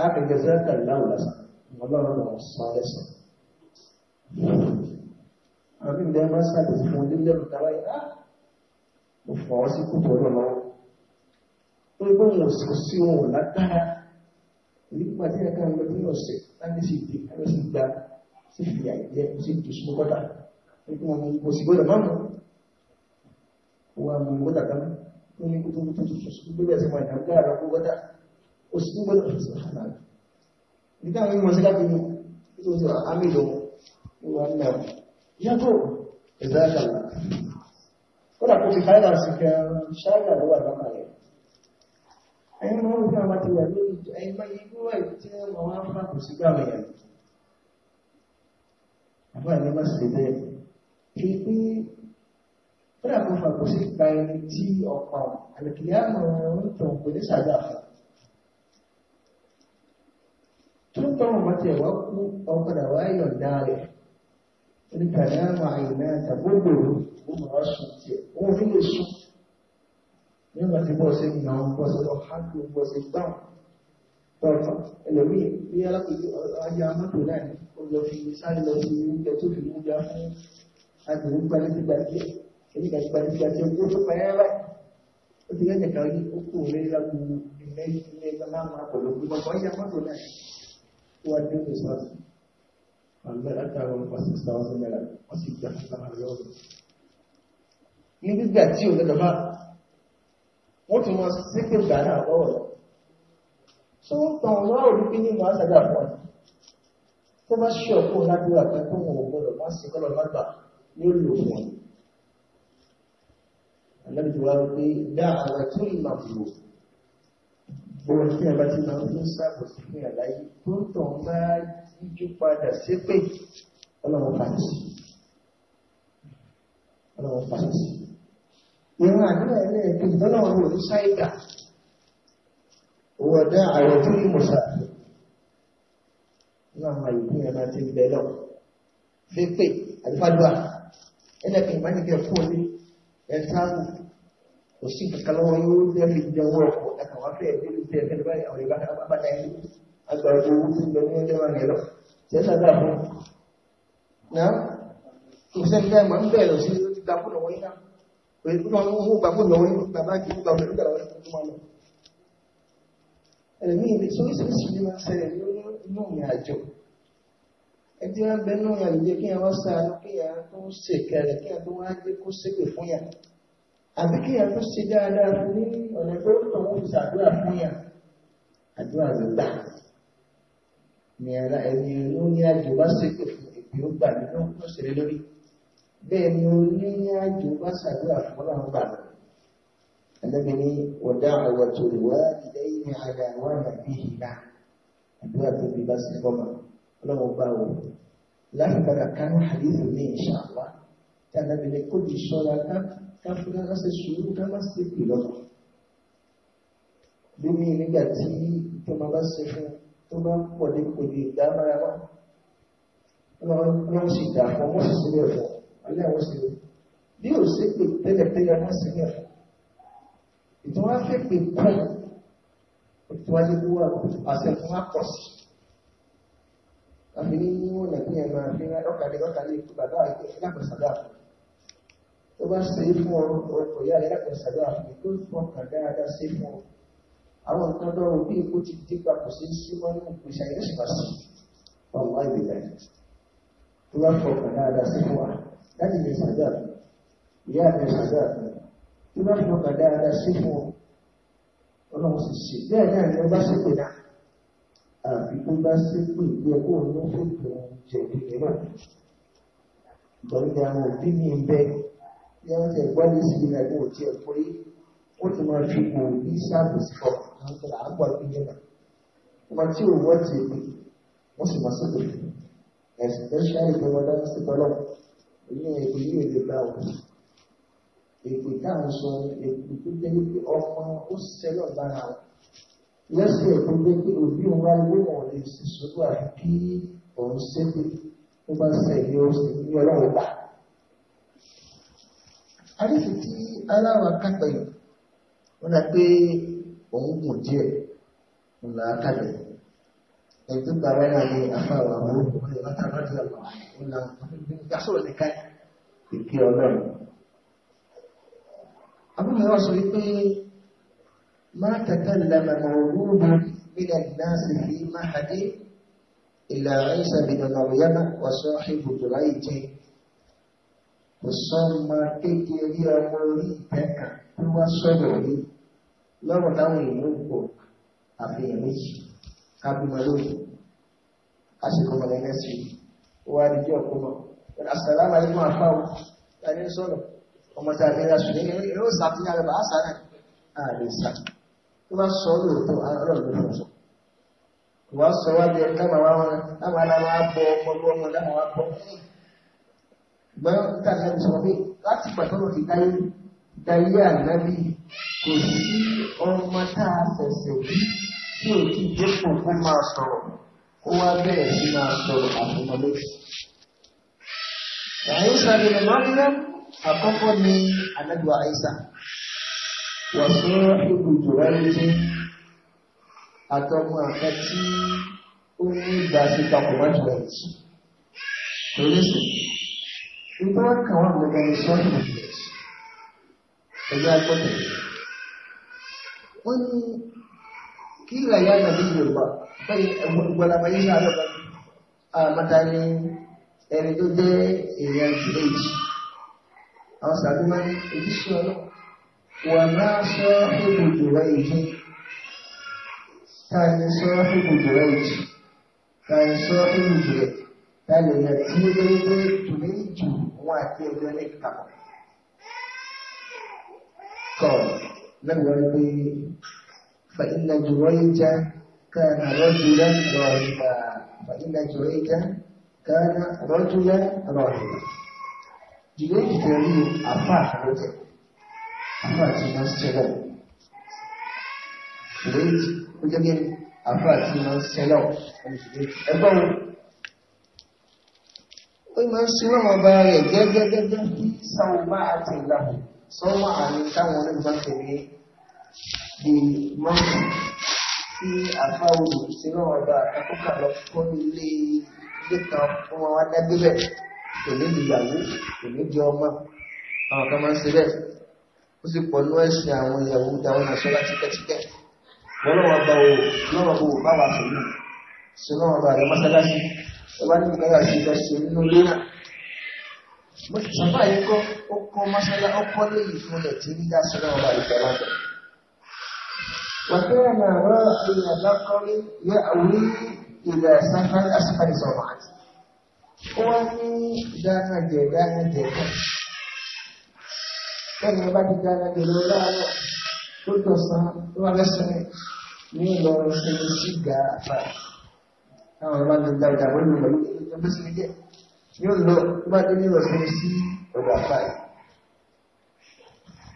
akẹ́kẹ́ sẹ́ńtà láwùn lásán ọlọ́run náà sọ lẹ́sọ̀. àwọn ìgbẹ́ máa ṣàbòsí fún un nílẹ̀ mọ̀tàwáyé ah! mo fọ́ ọ sí kúkú ọlọ́run pé wọn sì sí wọn lágbára nígbà tí ẹ̀ka ẹ̀rọ ní ọ̀sẹ̀ láti sì di ẹ̀rọ sì gba sí fìyà ìjẹ́ sí ìdùsùn kọ́tà nígbà wọn kò sì gbọ́dọ̀ máa mọ̀ wọn mọ̀ kọ́tà kan ní ní kótó tó tó sùn gbọ́dọ̀ sí wọn ìdàgbà àrà kó kọ́tà ó sì gbọ́dọ̀ sí ọ̀hánà nígbà wọn mọ̀ sí káàkiri mọ̀ nítorí wọn àmì lọ wọn nà yàtọ̀ ẹ̀dá àkàlà kọ́tà kó fi fáìlà sí kẹ́ ṣáàkà lọ́wọ́ àbákalẹ̀ ẹ̀yìn máa ń gbà wá ti wà lórí ẹ̀yìn máa yí gbówà ìlú tí wọ́n máa ń fà kò sí gbà wọ̀nyà àbúrò àmì má sì bẹ́ẹ̀ kí pé fúnra kan fà kò sí gba ẹni tí ọ̀pá àlùkìlẹ̀ àmọ̀ ń tàn kò ní sàgbà nígbà tí bọ́ sí nà ń bọ́ sí lọ hákù bọ́ sí gbọ́n tọ́ta ẹlòmí bí alákòókò ayé amọ́tò náà ọjọ́ fi sáré lọ sí oúnjẹ tó fi mú já fún àdìrú gbalẹ́gbẹ̀gbẹ̀ nígbà gbalẹ́gbẹ̀gbẹ̀ tó tó pẹ́ rẹ̀ ó ti rẹ́jẹ̀ kan rí ó kù lórí lágbo ilẹ̀ ilẹ̀ ìgbàlámà pẹ̀lú gbogbo ayé amọ́tò náà wà ní ìsọ́sì àgbẹ̀ látàrọ̀ pàṣẹ sọ́ọ́sì mẹ́ra wọ́n sì gbà wọ́n ti mọ sípè gbà náà lọ́wọ́ lọ. Ṣé ó tàn wá òrí pé nínú àṣàdá fún ọ? Tó bá ṣe ọ̀pọ̀ ládùúgbà pé kó wọn ò gbọdọ̀ má sí kọ́lọ̀ má gbà ní òlò fún ọ. Àlẹ́bí ti wá rú pé dá àwọn tó ìmọ̀ àbúrò. Bọ́lá tí ẹ̀bá ti máa ń sáàbò sí fún àláyé tó ń tàn bá yíjú padà sípè ọlọ́run fàtì. Ọlọ́run fàtì ìran àdúrà ẹlẹ́ẹ̀kejì tọ́lá wọn ò ní ṣáìdà owó ọ̀dá ààrẹ tó ní mùsàlẹ̀ náà máa yìí yẹn máa ti ń bẹ lọ́wọ́ fífẹ́ àlùfáàdùà ẹlẹ́kìn máa ń kẹ́ fún mi ẹ sáàmù kò sí kankan lọ́wọ́ yóò dé fi jẹ owó ọkọ̀ ẹ̀ka wá fẹ́ ẹ̀dẹ́rù tẹ́ ẹ̀fẹ́ lọ́wọ́ àwọn ìbá abáta yìí agbára owó tó ń bẹ ní ọjọ́ máa lọ ṣe é sábà fún náà kò sẹ́ni bẹ́ẹ̀ máa ń bẹ̀rẹ̀ sí ti gbà fún ọ̀wọ́ yìí náà. Ẹdí wá bẹnú àìyẹ kí a wá sáàánú kí a tó ń ṣe kẹrẹ kí a tó wá jẹ́ kó ṣépè fún yà. Àbí kí a tó ṣe dáadáa fún ní ọ̀nà pé ó tọ̀wọ́ ti ṣàdúrà fún yà. Àdúrà ló gbà. Ní ẹni ló ní àjò bá ṣépè fún ìpè ó gbà nínú ó ṣẹlẹ̀ lórí bẹ́ẹ̀ ni onírìnàjò bá ṣàdúrà fún ọlọ́run gbà lọ. Ànábì ní ọ̀dà àwọ̀ tó wá ilé ìní ara wà nàbí ìlà. Àdúrà tó bí bá ṣe fọ́mà ọlọ́run bá wò. Láti padà kánú àdéhùn ní ìṣàwá. Tí Ànábì ní kó di ṣọ́ra ká fúnra sùúrù ká má ṣe pè lọ́kọ̀. Lómi nígbà tí ìjọba bá ṣe fún tó bá pọ̀ ní kò lè dá mára sì dà fún wọ́n sì sílẹ̀ fún alẹ́ àwọn ṣe bí ò sí pé tẹ́lẹ̀tẹ́lẹ̀ wọ́n sì yẹ̀ ìtàn wá fẹ́ pé pọ̀ ìtúwájú tó wà àṣẹ fún wa pọ̀ sí àfi ní wọn nà ní ẹ̀mà àfi ní ọkàlẹ̀ ọkàlẹ̀ ikú bàbá àìkú lápẹ̀sàdá tó bá ṣe fún ọkọ̀ ìyá rẹ̀ lápẹ̀sàdá àfi tó fún ọkà dáadáa ṣe fún ọ àwọn nǹkan dọ́rùn bí ikú ti dé papọ̀ sí súnmọ́ ní ìpèsè àyẹ̀ṣùpàṣì ọ̀wọ́ ìbílẹ̀ tó bá fún ọkà dáadáa ṣe fún wa láti lè sàdá ìyá mi sàdá tí bá fi orang dáadáa Dia, fún ọlọ́run sì ṣe bẹ́ẹ̀ náà ni ó bá ṣépè náà àbí tó bá ṣépè bí ẹ kó ní fòkè jẹ̀bi nígbà ìgbàlódé àwọn òbí mi ń bẹ bí wọ́n ti ẹ̀gbọ́n lè sí ilẹ̀ ẹ̀gbọ́n òtí ẹ̀kọ́ rí ó ti especially bí wọ́n dá sí ìyẹn èpè yìí ò lè bá o èpè tá à ń sọ èpè tó jẹ́ wípé ọkàn ó ṣẹlẹ̀ lára o lẹ́sẹ̀ èpè jẹ́ pé òbí òun wáyé wọ́n lè ṣe sọ́dọ̀ àfi kí òun ṣépè tó bá ṣẹlẹ̀ ó sì ní ọlọ́run gbà. àdéhùn tí aláwọ̀ akápẹ̀yìn wọn dà pé òun gùn díẹ̀ ńlá akápẹ̀yìn ẹ̀tí gbàrẹ́ náà ní afáwà wọn ọ̀rẹ́ látà lọ́dí ọ̀nà ọ̀nà ìgbàsọ̀rọ̀ nìkan ìkí ọlọ́run. Abúlé wọ́n sọ wípé máa tẹ̀tẹ̀ lẹ́mẹ̀mọ̀ orúurú nílẹ̀ náà sì fi máa hàdé ìlà Ìsà bìnà Màríyámà ọ̀sọ́ ìbùdó láì jẹ. Kò sọ ọmọ kékeré ọmọ orí ìtẹ́kà tó wá sọ̀rọ̀ rí lọ́rọ̀ táwọn ìlú pọ̀ àfihàn méjì kábímọ lónìí àsìkò mọ̀lẹ́ nẹ́sì wá ní jẹ́ ọ̀pọ̀mọ̀ asàlámà nínú àfáwò láti ń sọ̀rọ̀ ọmọ tí a fi ra sùn nínú yóò ṣàfihàn rẹ̀ bá sá náà ààrẹ sá tó bá sọ lóòótọ́ ọlọ́run ló fún sọ kò wá sọ wá bí ẹ káma wá wọn láwọn aláwọ abọ ọmọ ọmọ láwọn abọ gbọ́n tàbí ẹni kò sí ọmọ tá fẹ̀sẹ̀ bí tí ò tí dépò kó máa sọ̀rọ̀ kó wá bẹ́ẹ̀ sí máa sọ̀rọ̀ àfọmọlẹ́sì. Àìsà ni Mọ́rílẹ́m àkọ́kọ́ ni Anábì Àìsà. Wọ́n sọ ibùdó ráyé àtọmọ àká tí ó ní ìgbà sí papọ̀ wájú rẹ̀ jù. Torí sì, nígbà wọn kàn wọ́n gbogbo ẹni sọ́ọ̀tì ẹ̀jẹ̀ agbọ́dọ̀. Wọ́n ní قيل يا نبي الله ìgbọ̀làmọ̀ yíṣẹ́ àlọ́gbà àmọ́ta ni ẹni tó jẹ́ èèyàn ti èjì àwọn sàbímọ́ ní èjíṣẹ́ ọlọ́ wà náà sọ ìbùdó rẹ̀ èjì táàni sọ ìbùdó rẹ̀ èjì táàni sọ ni rẹ̀ táàni rẹ̀ tí ó yẹ pé فإن جريج كان رجلا راهبا فإن جريج كان رجلا راهبا جريج تري أفاق رجل أفاق نسجل جريج وجميل أفاق نسجل أبو wọ́n máa ń ṣe wọ́n ọba rẹ̀ gẹ́gẹ́gẹ́gẹ́ bí sọ́wọ́ bá àti ìlànà di mọ́tò tí àfáwò sílẹ̀ ọ̀dọ̀ àkókò lọ fún ilé ilé kan fún wọn wá dábílẹ̀ kò ní di ìyàwó kò ní di ọmọ àwọn kan máa ń ṣe bẹ́ẹ̀ ó sì pọ̀ ní ẹ̀sìn àwọn ìyàwó dáwọn aṣọ láti kẹ́tíkẹ́ wọ́n lọ́wọ́ bá wò lọ́wọ́ bò bá wà sórí sọ́nà ọ̀dọ̀ àyọ̀ mọ́sálásí ọba ní ìgbàlá sí ìjọ sí nínú ilé náà mo sì sọ fún àyíkọ́ ó kọ́ mọ́sálá ó kọ́ lé ìfúnlẹ̀ tí ń dá sọ́nà ọ̀dọ̀ àyíkọ́ lọ́dọ̀ وكان راعي بقر يأوي إلى سفل أسفل سرعة ومن دان جيران جيران كان بعد دان جيران كنت صار ورسمي ní lọ ṣe ṣígà àpá àwọn ọmọ tó gba ìdàgbọ́ ìlú pẹ̀lú ìjọ bó ṣe jẹ́ yóò lọ tó bá dé nílò fún sí ọ̀dọ̀ àpá yìí.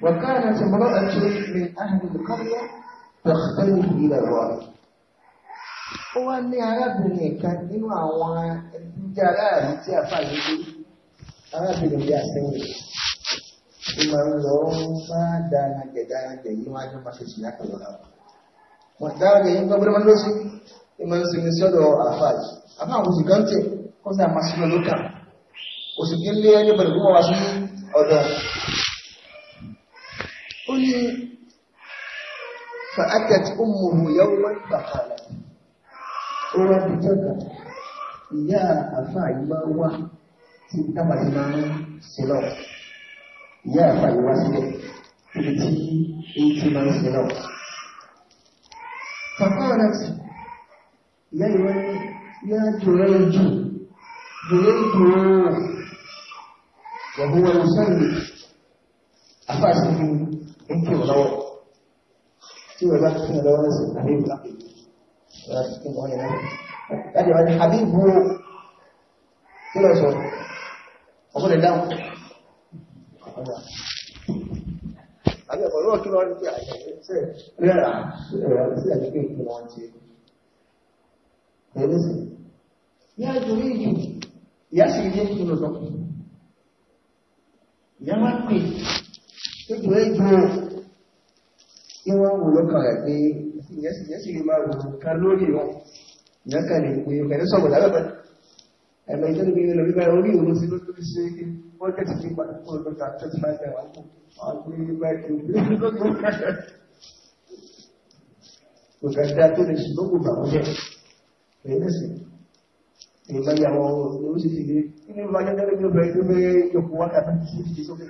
wọ̀ká àti mọ́lọ́ àti mi àhàbì kọ́lọ́ tẹ̀sílẹ̀ ìlà wa. Ó wá ní arábìnrin kan nínú àwọn ẹgbẹ́ aráàlú tí a fà lóde. Arábìnrin bí àsẹ́yìn. Ó máa ń lọ bá dáranjẹ dáranjẹ yìí wájú máa ṣe ṣìyà kan lọ́la. Wọ́n dáranjẹ yìí gbọ́dọ̀ máa ń lọ sí. Ó máa ń sinmi sọ́dọ̀ àfàjì. o àwọn oṣù kan tẹ̀ kó sì àmà sílẹ̀ lókà. Oṣù kí ń lé ẹni bẹ̀rẹ̀ kó wá sí ọ̀dọ̀. Ó ní فأتت أمه يوما فقالت أربتك يا أفاي ما هو تنتمى إمام سلوك يا أفاي واسلك تبتي إنتمى سلوك فقالت يا يوم يا جريج جريج وهو يصلي أفاسه أنت ولوك tí wọ́n bá tún lọ́wọ́ ní sùn àbí ìgbà wọ́n ti tún wọ́n yẹn náà láti wá ní àbí ìbú o kí lọ sọ ọmọ lè dáhùn àbí ọ̀pọ̀ lọ́wọ́ kí lọ́wọ́ ní àyè rẹ́ra sí àyíké ìpín wọn ti ẹ̀rẹ́ sí ní àjòrí ìjù ìyá sì ilé kí lọ sọ ìyá má pè é tó jù ẹ́ jù kí wọ́n wò lọ́kàn rẹ̀ pé ìyẹn sì rí máa rò kan lórí wọn ìyẹn kan lè pè ọkàn ní sọ̀rọ̀ lábẹ́bẹ́ ẹ̀mẹ́ ìjọ níbi ilẹ̀ bíbá orí òun sí ló tóbi sí bọ́kẹ́tì tí pàtó kó lọ́kà twenty five naira wọ́n pè é báyìí kò kà dá tó lè ṣùgbọ́n kò bà wọ́n jẹ́ èyí lẹ́sìn èyí máa yà wọ́n ní ó sì ti dé nínú ìlú ajá tẹ́lẹ̀ ní obìnrin tó bẹ́ yọkùn wákàtí tó ti di sókè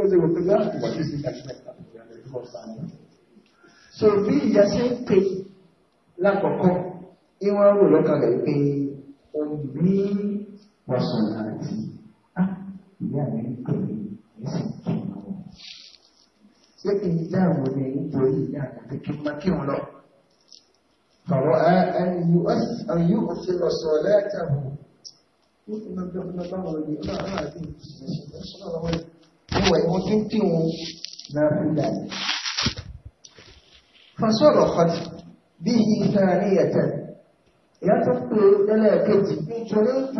ó sì wọ́n pé bá wà ní sí ìdájọ́ mẹ́ta so bí ìyá ṣe ń pè lákọ̀ọ́kọ́ ìwọ̀n rò lọ́kàn rẹ̀ pé omi wọ̀sán àti ah, ìyá mi ń pè ní ẹ̀sìn tó ń lọ. ṣé kí n dáàbò ní nítorí ìyá àti kí n máa kí n lọ? فرأى أن يؤثر صلاته هو يمكن تنو نافلة فصرخت به ثانية يا تقول لنا كنت جريت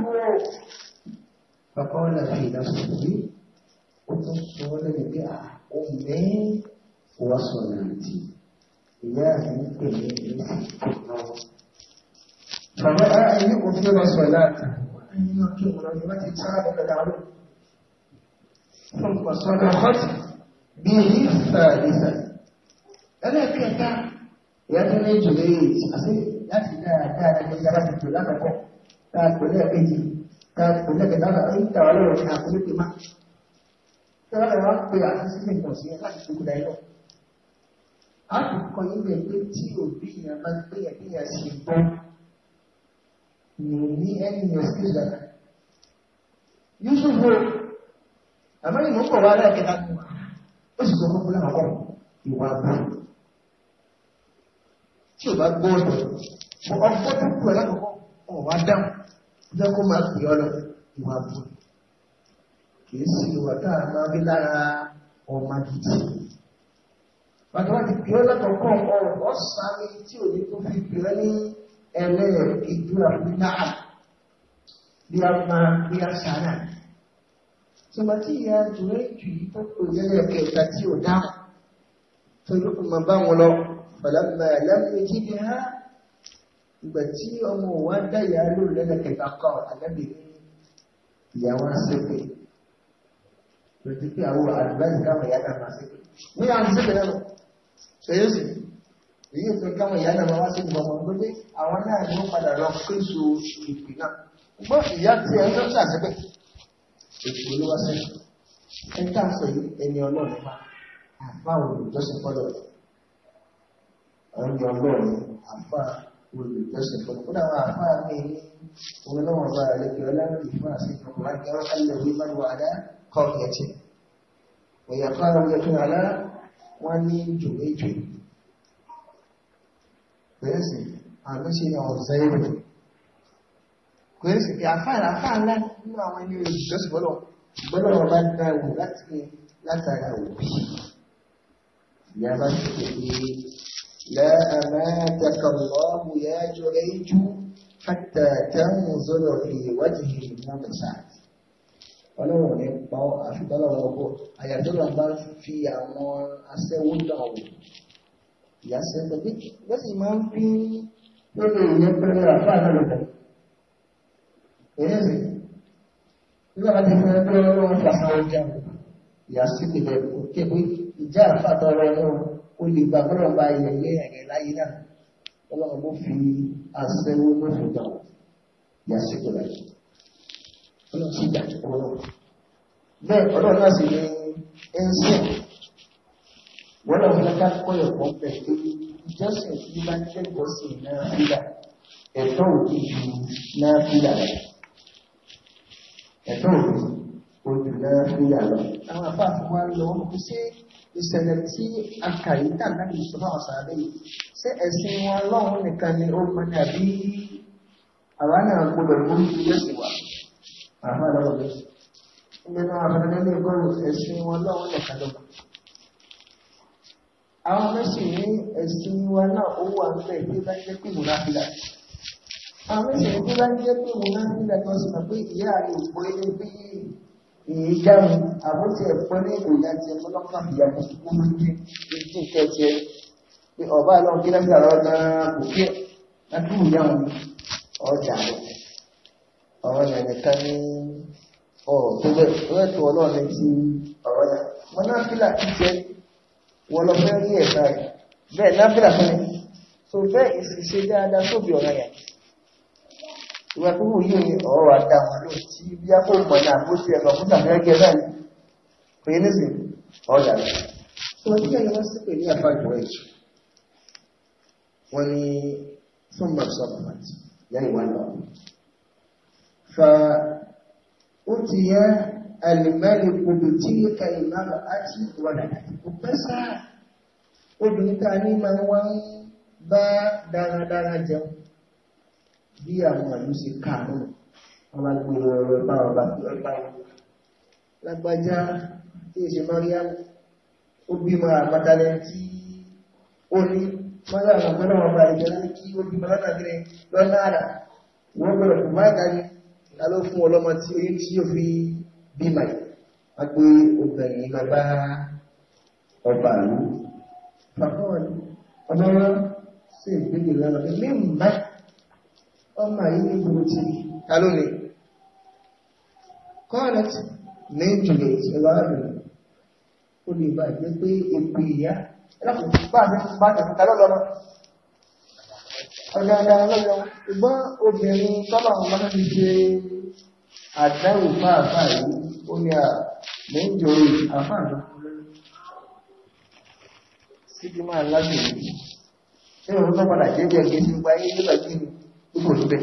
فقال في نفسه وتصور لبيع أمي وصلاتي إلهي إلهي فما أن يكفر صلاته ثم صرخت به ثالثا ẹlẹ́ẹ̀kẹta ìyàtọ̀ ní tòlé àti láti dáadáa ní ìjọba ti tò lákọ̀ọ́kọ́ káàkó lẹ́ẹ̀kejì káàkó lẹ́ẹ̀kẹta bá ń tàwọn lọ́wọ́ káàkó lókè má. tọ́lá wá pé àti sísè nǹkan sí láti tó kúdà ẹ̀rọ. a kò kọ́ pé tí òbí yẹn máa ń gbé ẹ̀bí yẹn sì gbọ́ ní ẹni yẹn sí ìjọba. Yusufu àmọ́ ìmúkọ̀ wa lẹ́ẹ̀kẹta ó sì sọ fún fúlẹ̀ àkọ́kọ́ ìwà àbúrò tí ò bá gbọ́ ọ̀rọ̀ ọkọ̀ tó kù ẹ̀ lákòókò ọ̀ wá dáhùn jẹ́ kó máa pè ọ́ lọ ìwà bù kìí sí ìwà tá a máa rí lára ọmọ gidi. Bàtà wá ti pè ọ́ lákòókò ọ̀rọ̀ ọ̀sán mi tí ò ní tó fi pè ọ́ ní ẹlẹ́ẹ̀kejì àfúnná bí a máa bí a sára. Tòmátì ìyá jùlọ ìjù yìí tó pè ọ́ lẹ́yìn ẹ̀kẹta tí ò dáhùn. Torí ó máa bá wọn lọ. فلما لم يجدها بتي أمه وادا يالو لنا كتاقا النبي يا واسبي بتي أو أدبان كما يانا ماسبي مي عن سبي لنا سيسي èyí òfin káwọn ìyá náà wá sí ìgbọmọ gbogbo àwọn náà ni ó padà lọ késo ìpè náà gbọ́ ìyá tí ẹ lọ ṣàṣẹ́pẹ̀ ètò olówó sẹ́yìn ẹ káàsọ̀ ẹni ọlọ́run pa àbáwọn olùjọ́sìn fọ́lọ́run ẹ̀rọ ọlọ́run àfà olùjọsìn fún kódà àwọn àfà mi ní òun náà wọn bá rẹ lẹkẹ ọlọ́run ìfún àti ìfọkàn láti ẹ̀rọ kálẹ òwe bá wà dá kọọkì ẹtì òyà kan lọ yẹ fún alá wọn ní jòwéjò bẹ́ẹ̀ sì àmì ṣe àwọn ọ̀sẹ̀ ìrìn kò sí àfà àfà ńlá nínú àwọn ilé ìjọsìn bọlọ bọlọ wọn bá dá wò láti látara òbí ìyá bá ti pè é لا أماتك الله يا جريج حتى تنظر في وجه الممسح ọlọ́run ní pa ọ́ àfitọ́lọ́run ọkọ̀ àyàtọ́lọ́ bá fi àwọn aṣẹ́wó náà wò ìyá sẹ́ńtọ́ pé wọ́n sì máa ń fi lórí ìyẹn pẹ̀lú àfáà náà èyí sì nígbà láti fi ẹgbẹ́ ọlọ́run fàṣà ọjà ìyá sí ìpìlẹ̀ òkè pé ìjà àfáà tọ́lọ́run ó lè gba fọ́nà bá yẹ̀yẹ́ ẹ̀rẹ̀ láyé náà ọlọ́run ló fi aṣẹ́wó lófin dàn yàsíkò láyé ọlọ́run sì dà ọlọ́run bẹ́ẹ̀ ọlọ́run náà sì ní ẹ̀ńsẹ̀ wọ́n náà fẹ́ ká kọ́ ẹ̀kọ́ pẹ̀ pé ìjọsìn tí bá kẹ́kọ̀ọ́ sí náà fílà ẹ̀tọ́ òbí ju náà fílà rẹ̀ ẹ̀tọ́ òbí ojú náà níyà lọ. Àwọn àbá àti wá lọ wọ́n kú sí ìṣẹ̀lẹ̀ tí a kà yí tà náà lè sọ fáwọn sàárẹ̀ yìí. Ṣé ẹ̀sìn wọn lọ́hùn nìkan ni ó mọ ní àbí àwa náà gbọdọ̀ mú ìyẹ́sì wa? Àbá lọ́wọ́ mi. Nínú àbẹ̀rẹ̀ ní ìgbọ́rọ̀ ẹ̀sìn wọn lọ́hùn nìkan ló mọ̀. Àwọn mẹ́sì ní ẹ̀sìn wa náà ó wà ń bẹ̀ bí bá jẹ́ pé múra fìlà. Àwọn mẹ́sì ní bí bá jẹ́ pé múra fìlà kan sì mọ̀ pé ìyá àrẹ òpó ilé bí ìyáwó àbótí ẹ̀pọ́ ní ìròyìn àti ẹ̀pọ́ lọ́kàn ìyàwó tó máa ń ní ọ̀rọ̀ bẹ́ẹ̀ náà fílà fún mi so bẹ́ẹ̀ ìṣiṣẹ́ dáadáa tóbi ọ̀rọ̀ yẹn ìwọ̀n tó wù yìí ọ̀rọ̀ àdá wọn ló tí bí a kó mọ̀ náà bó ti ẹ̀rọ fún tàbíẹ́gẹ́ náà ni kò yé nísìn ọ̀dà rẹ̀ tó wọ́n tí kẹ́yìn wọ́n sí pé ní àfà ìwọ̀n wọ́n ní fún mọ̀sọ̀ pàtàkì lẹ́yìn wọn lọ fa ó ti yẹ alìmẹ́rin gbogbo tí kẹ́yìn máa lọ àti ìwọ̀dà kò pẹ́ sáà obìnrin ta ní máa ń wá ń bá dáradára jẹun bí àwọn ìlú ṣe káàánú wọn bá gbé ọ̀rọ̀ ẹgbà ọba ẹgbà lágbájá tí èṣe maria ó bímọ àpátalẹ tí ó ní mọ́lá àpapọ̀lá ọba ìjọba kí ó bímọ látàkiri lọ́nà àrà wọ́n gbọ́dọ̀ fún máìkà ní ta ló fún ọlọ́mọ ọmọ yìí ní burúkú ta ni, ní kọ́ọ̀rẹ́t ní ìjùlẹ̀ ìṣẹ̀lá rẹ̀ ó lè bá jẹ́ pé èpè ìyá ẹlọ́pùpù bá jẹ́ bá jẹ́ ta lọ́lọ́ ọ̀dà ọ̀dà ọlọ́lọ́ ṣùgbọ́n obìnrin tọ́lọ̀ máa ń ṣe àdáwò fáàfáà yìí ó ní à ní ìjòyè kúrò níbẹ̀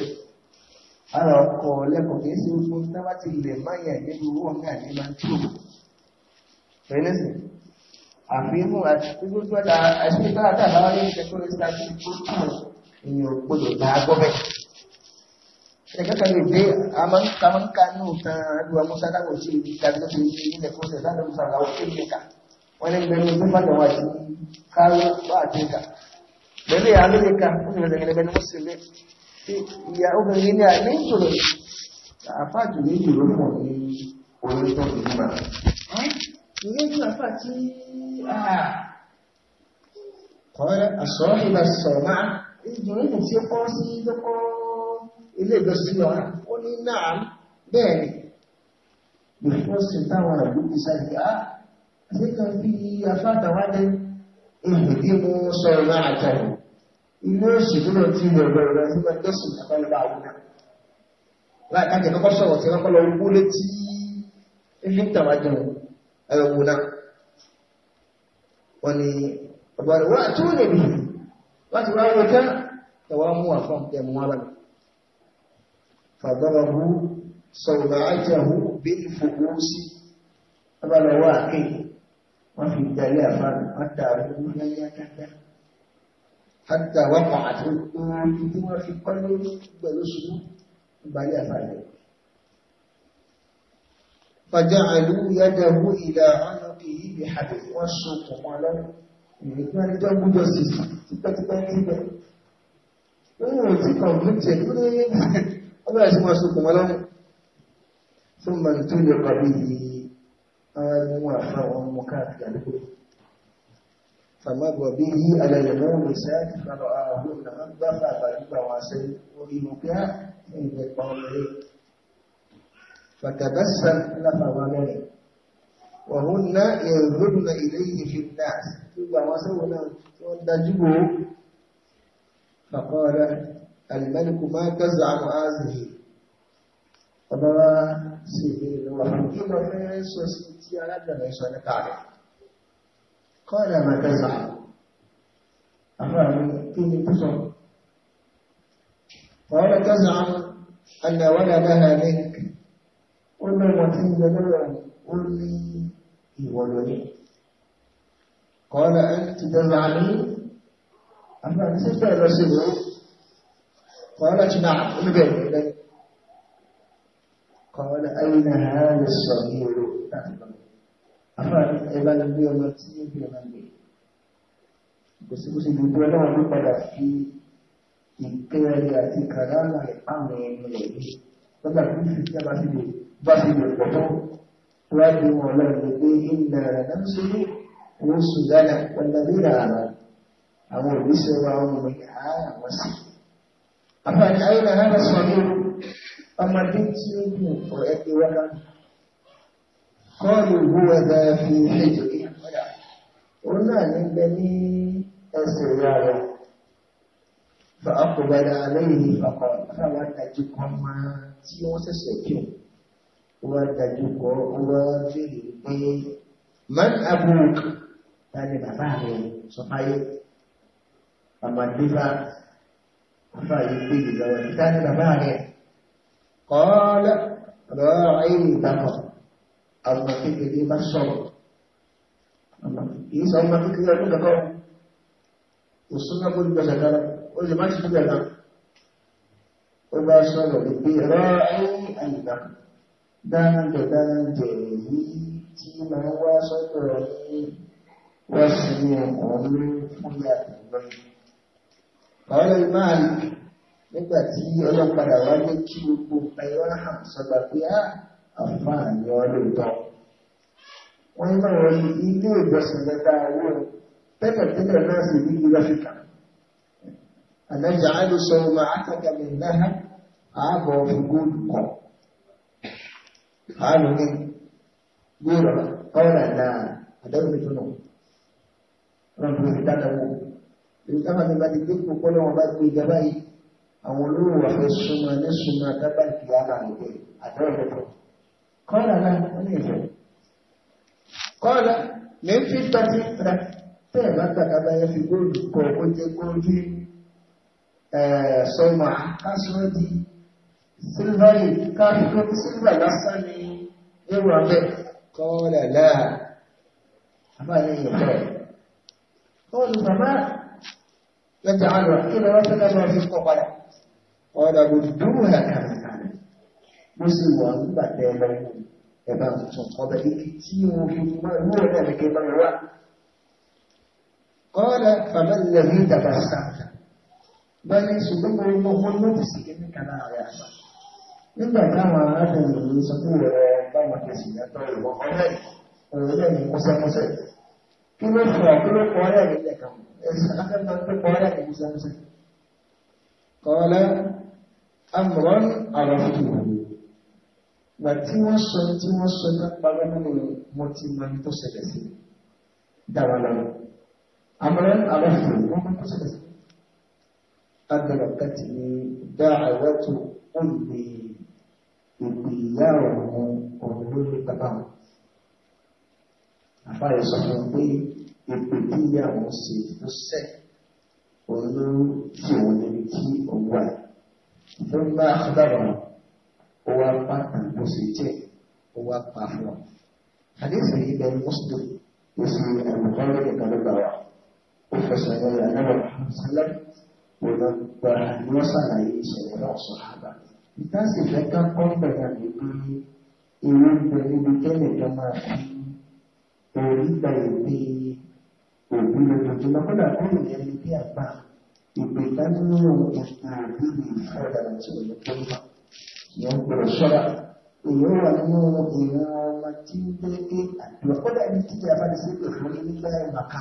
ara ọkọ̀ lẹ́kọ̀ọ́ kìí sí fún tábà ti lẹ̀ máyà nínú owó ọ̀gá ní máa tí ò fẹ́lẹ́sì àfihàn àti gbogbo àti dáadáa bá wáyé ìṣẹ́kọ́ ìṣẹ́ àti ìgbókùn èèyàn gbọdọ̀ bá a gbọ́bẹ̀ ẹ̀kẹ́kẹ́ lè dé amọ́nká ní òtàn àdúrà musa dáwọ̀ sí ibi tàbí tó ti ní ilẹ̀ fún ṣẹ̀dá lọ́wọ́ sọ̀rọ̀ àwọn tó ń kà wọ́n ní bẹ̀rù tó bá yọ̀wọ̀ àti káwọ́ bá àti kà bẹ̀rù àmì ìyá obìnrin ní àìní ìṣòro àfáàjù méjì ló mọ̀ ní orí tó ń gbà. ìrẹ́jú àfáà tí kọ́rẹ́ àsọ́ọ́hìnà sọ̀rọ̀ ìgbìmọ̀ tí ó kọ́ sí lọ́kọ́ ilé ìgbésí ọ̀rá ó ní náà bẹ́ẹ̀ ni táwọn àdúgbò sáyé á kan bí afáàtàwádé ìhùn bí mo sọ̀rọ̀ náà àtàwọn inú èsì tó náà ti rẹ̀ rẹ̀ rẹ̀ nígbà jẹ́sùn àbálẹ́bà àwọn náà láìkájẹ̀ kọ́kọ́ sọ̀rọ̀ tí wọ́n lọ wó létí ìlítàwájú ẹ̀wọ̀n náà wọ́n ni ọ̀bọ̀rẹ̀ wọ́n tó lè rí láti wá wọ́n ká tẹ̀wọ́ mú àfọ́n tẹ̀mú ara rẹ̀ fàbọ́rọ̀ hù sọ̀rọ̀ àjẹ̀hù bí ìfòkó sí abálọ́wọ́ àkéyì wọ́n fi wọ́n dàrú lẹ́yìn akájá حتى wá pa àti orí tí wọ́n fi kọ́ lórí pẹ̀lú ṣubú ìgbàlẹ̀ àfàlẹ̀. Fàjá àlú yádàwó ìlà ọ̀nà èyí bí hàbẹ̀ wọ́n so kùn wọn lọ́wọ́. Ìrètí wọn ti kàn fún tiẹ̀ tó lóye wọ́n bẹ̀rẹ̀ wọn so kùn wọn Fún màá tó lè pàdé yìí, àwọn ẹni wọn àfa àwọn ọmọ káàkiri àdúgbò. فمر به على الإمام ساك فرآه المنظف فإذا واسل بها من قومه فتبسم لفظنه وهن ينظرن إليه في الناس ثم وسونا وندجبه فقال الملك ما تزعم هذه ọba wa sì ní ìlú wa kí lọ قال ما تزعم الراوي فيه الكفر قال تزعم أن ولدها منك قلنا له وكيل قل لي إيه ولدي قال أنت تزعمين أما كيف الرسول قالت نعم البيت إليه قال أين هذا الصغير أهلا afáàní evan ni bí ọmọ tí ó bí ọmọ gbé kò sí si sì gbogbo ọlọ́run ló padà fi ìkẹrẹ àti kàràrà àwọn ẹni rẹ̀ ní lọ́gbà tó fi tí a bá ti lè bá ti lè pọ̀ tó wá ní wọn lọ́rùn pé ìlà náà ń sọ́lé owó sùdánà pẹ̀lú rírà àrà àwọn kọ́ọ̀lù ìwúwẹ̀ bá fi hejìrí òun náà ní gbẹ ní ẹsẹ̀ ìyá rẹ̀ fa akọ̀bẹ̀rẹ̀ aláìní fakọ̀ fáwọn adájú kan máa tí wọ́n ṣẹ̀ṣẹ̀ kí o wọ́n adájú kọ́ wọ́n fèrè pé man abúk ta bàbá rẹ̀ sọ fáyé àmàdífà fáyé pé ìlọ́wọ́ ta ni bàbá rẹ̀ kọ́ọ́lá rọ̀ ẹ̀yìn ìtàkùn Almati kékeré bá Ini kìí mati ọmọ pun ọdún kankan kò súnmọ́ kó gbèsè kára ó lè má ti súnmọ́ náà ó bá sọ̀rọ̀ wípé rọ́ ẹ̀yìn àyíká dáńdọ̀ dáńdọ̀ èyí tí máa wá sọ́dọ̀ ẹ̀yìn wọ́n sì ní ọ̀rọ̀ fún yàtọ̀ lọ́yìn. Bàbá máa nígbà tí àfáà ni wọ́n lè tọ́. Wọ́n ní báwọn ní ilé ìjọsìn lẹ́ta owó tẹ́lẹ̀tẹ́lẹ̀ náà sì ní ilé Áfíríkà. Àmẹ́jà Ádó sọ ọmọ àtàkàmì náà ààbọ̀ fún góòlù kọ̀. Àánú ní gbèrò ọ̀rọ̀ náà àdáwò mi túnú. Wọ́n fi ìdá náà wò. Ìgbà máa ní bá ti gbé قال لا وليس قال من فضة لا تبقى كما يفقون كوكو تقولي sọmà kásọdì sílvà yìí káfíkó sílvà lásán ni ewu abẹ kọọlà náà abáyé ìfẹ kọọlù bàbá yẹjà àlọ kí lọ wọn fẹẹ lọ fi kọ padà ọdà gbòdúdú hàn kàmí ló sì wà nígbà tẹ lọ ẹ̀bá tuntun ọbẹ̀ ibi tí mo fi máa ní ọ̀rẹ́ mi kí n máa wà. kọ́lá fàmílẹ̀ mi dàgbà sáà báyìí ṣùgbọ́n mo mọ ọmọ lọ́ọ̀tì kìíní kan náà rẹ̀ àṣà. nígbà táwọn arábìnrin yìí sọ pé ọ̀rọ̀ báwọn kẹsì yẹn tọ́ ìwọ ọ̀rẹ́ ọ̀rọ̀ náà ní mọ́sẹ́mọ́sẹ́. kí ló fà kí ló kọ́ ọ̀rẹ́ mi lẹ́kàn ẹ̀sìn akẹ́kọ̀ọ́ tó kọ́ ọ̀rẹ́ mi mọ́sẹ́mọ́sẹ́. kọ́lá amúrán àràfùtù na tí wọ́n sọ ní tí wọ́n sọ nípa lọ́nà wọn ti mọ ní tó ṣẹlẹ̀ sí dára lọ́nà àmọ́ àwọn fún wọn mọ tó ṣẹlẹ̀ sí. agbára kàtì ní dá àwọn tó ó lè ìgbìyà ọ̀hún ọ̀hún lórí bàbá wọn. àfáàyè sọ fún pé èpè tí ìyàwó ṣe ló sẹ́ òun ló fi òun níbi tí òun wà. ìfẹ́ ń bá àkọ́dà wọn. ó wá pàtà bó ṣe jẹ́ ó wá pa fún ọ. àdéhùn yang bẹ́ẹ̀ mọ́sùlùm yóò fi ẹ̀rùkọ́rẹ́ Nabi Muhammad gbà wá ó fẹsẹ̀ ẹ̀rọ ìyànnẹ́wò sálẹ̀ kò lọ gba ni wọ́n ṣàlàyé ìṣẹ̀lẹ̀ náà sọ àbá. ìtàsí ìfẹ́ ká kọ́ gbẹ̀dà ní pé èrò ń bẹ níbi kẹ́lẹ̀ tó máa fi òrí gba ìwé òbí ìyẹn gbọ́dọ̀ ṣọ́ra èyí wà nínú èèyàn ọmọ tí ń gbé pé àdúrà kódà ní títí abáde sí pé fún nígbà ìmàkà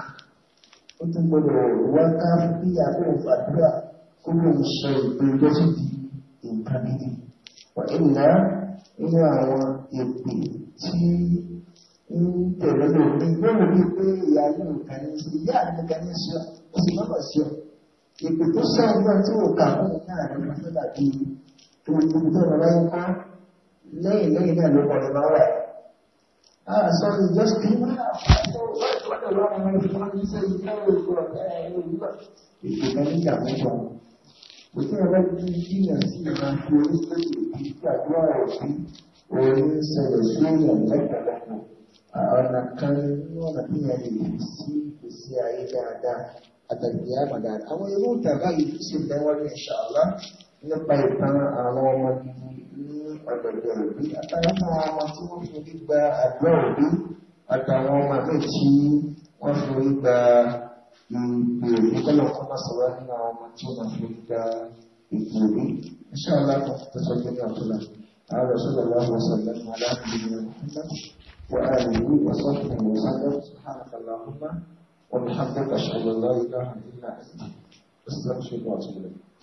sọ ìpè di nǹkan gidi wà ìlà nínú àwọn èpè tí ń tẹ̀lé lòdì lónìí bíi pé ìyá ní nǹkan ní sí ìyá ní nǹkan ó kà fún ìyá rẹ̀ ló fẹ́ ibi tó lọ láyé pa lẹ́yìn lẹ́yìn náà ló pọ̀ lọ́wọ́ rẹ̀. Ah, sorry, just came out. What the wrong way to find you say you know it's going to be. Ètò kan ní ìyàwó kan. Kò sí ẹ̀rọ ní jìnnà sí ìran tí oríṣiríṣi ìdí tí àdúrà rẹ̀ sí orí ń ṣẹlẹ̀ sí èèyàn lọ́pọ̀lọpọ̀. Ọ̀nà kan ní ọ̀nà tí yẹn lè fi sí ìgbésí ayé dáadáa àtàgbé àmàdáadáa. Àwọn irú ìtàgbá yìí ṣe bẹ́wọ́ ní ìṣàlá nípa ìtàn àwọn ọmọ gidi ní ọ̀dọ̀dọ̀ òbí àtàwọn ọmọ tí wọ́n fi orí gba àdúrà òbí àtàwọn ọmọ mi tí wọ́n fi orí gba ìgbè òbí kọ́lọ̀ fún màsàlá nínú àwọn ọmọ tí wọ́n fi orí gba ìgbè òbí. iṣẹ́ aláàbò tó sọ pé ní ọ̀túnla àwọn ọ̀ṣọ́ lọ́wọ́ àwọn ọ̀ṣọ́ lẹ́nu aláàbò وآله وصحبه وسلم سبحانك اللهم وبحمدك أشهد أن لا إله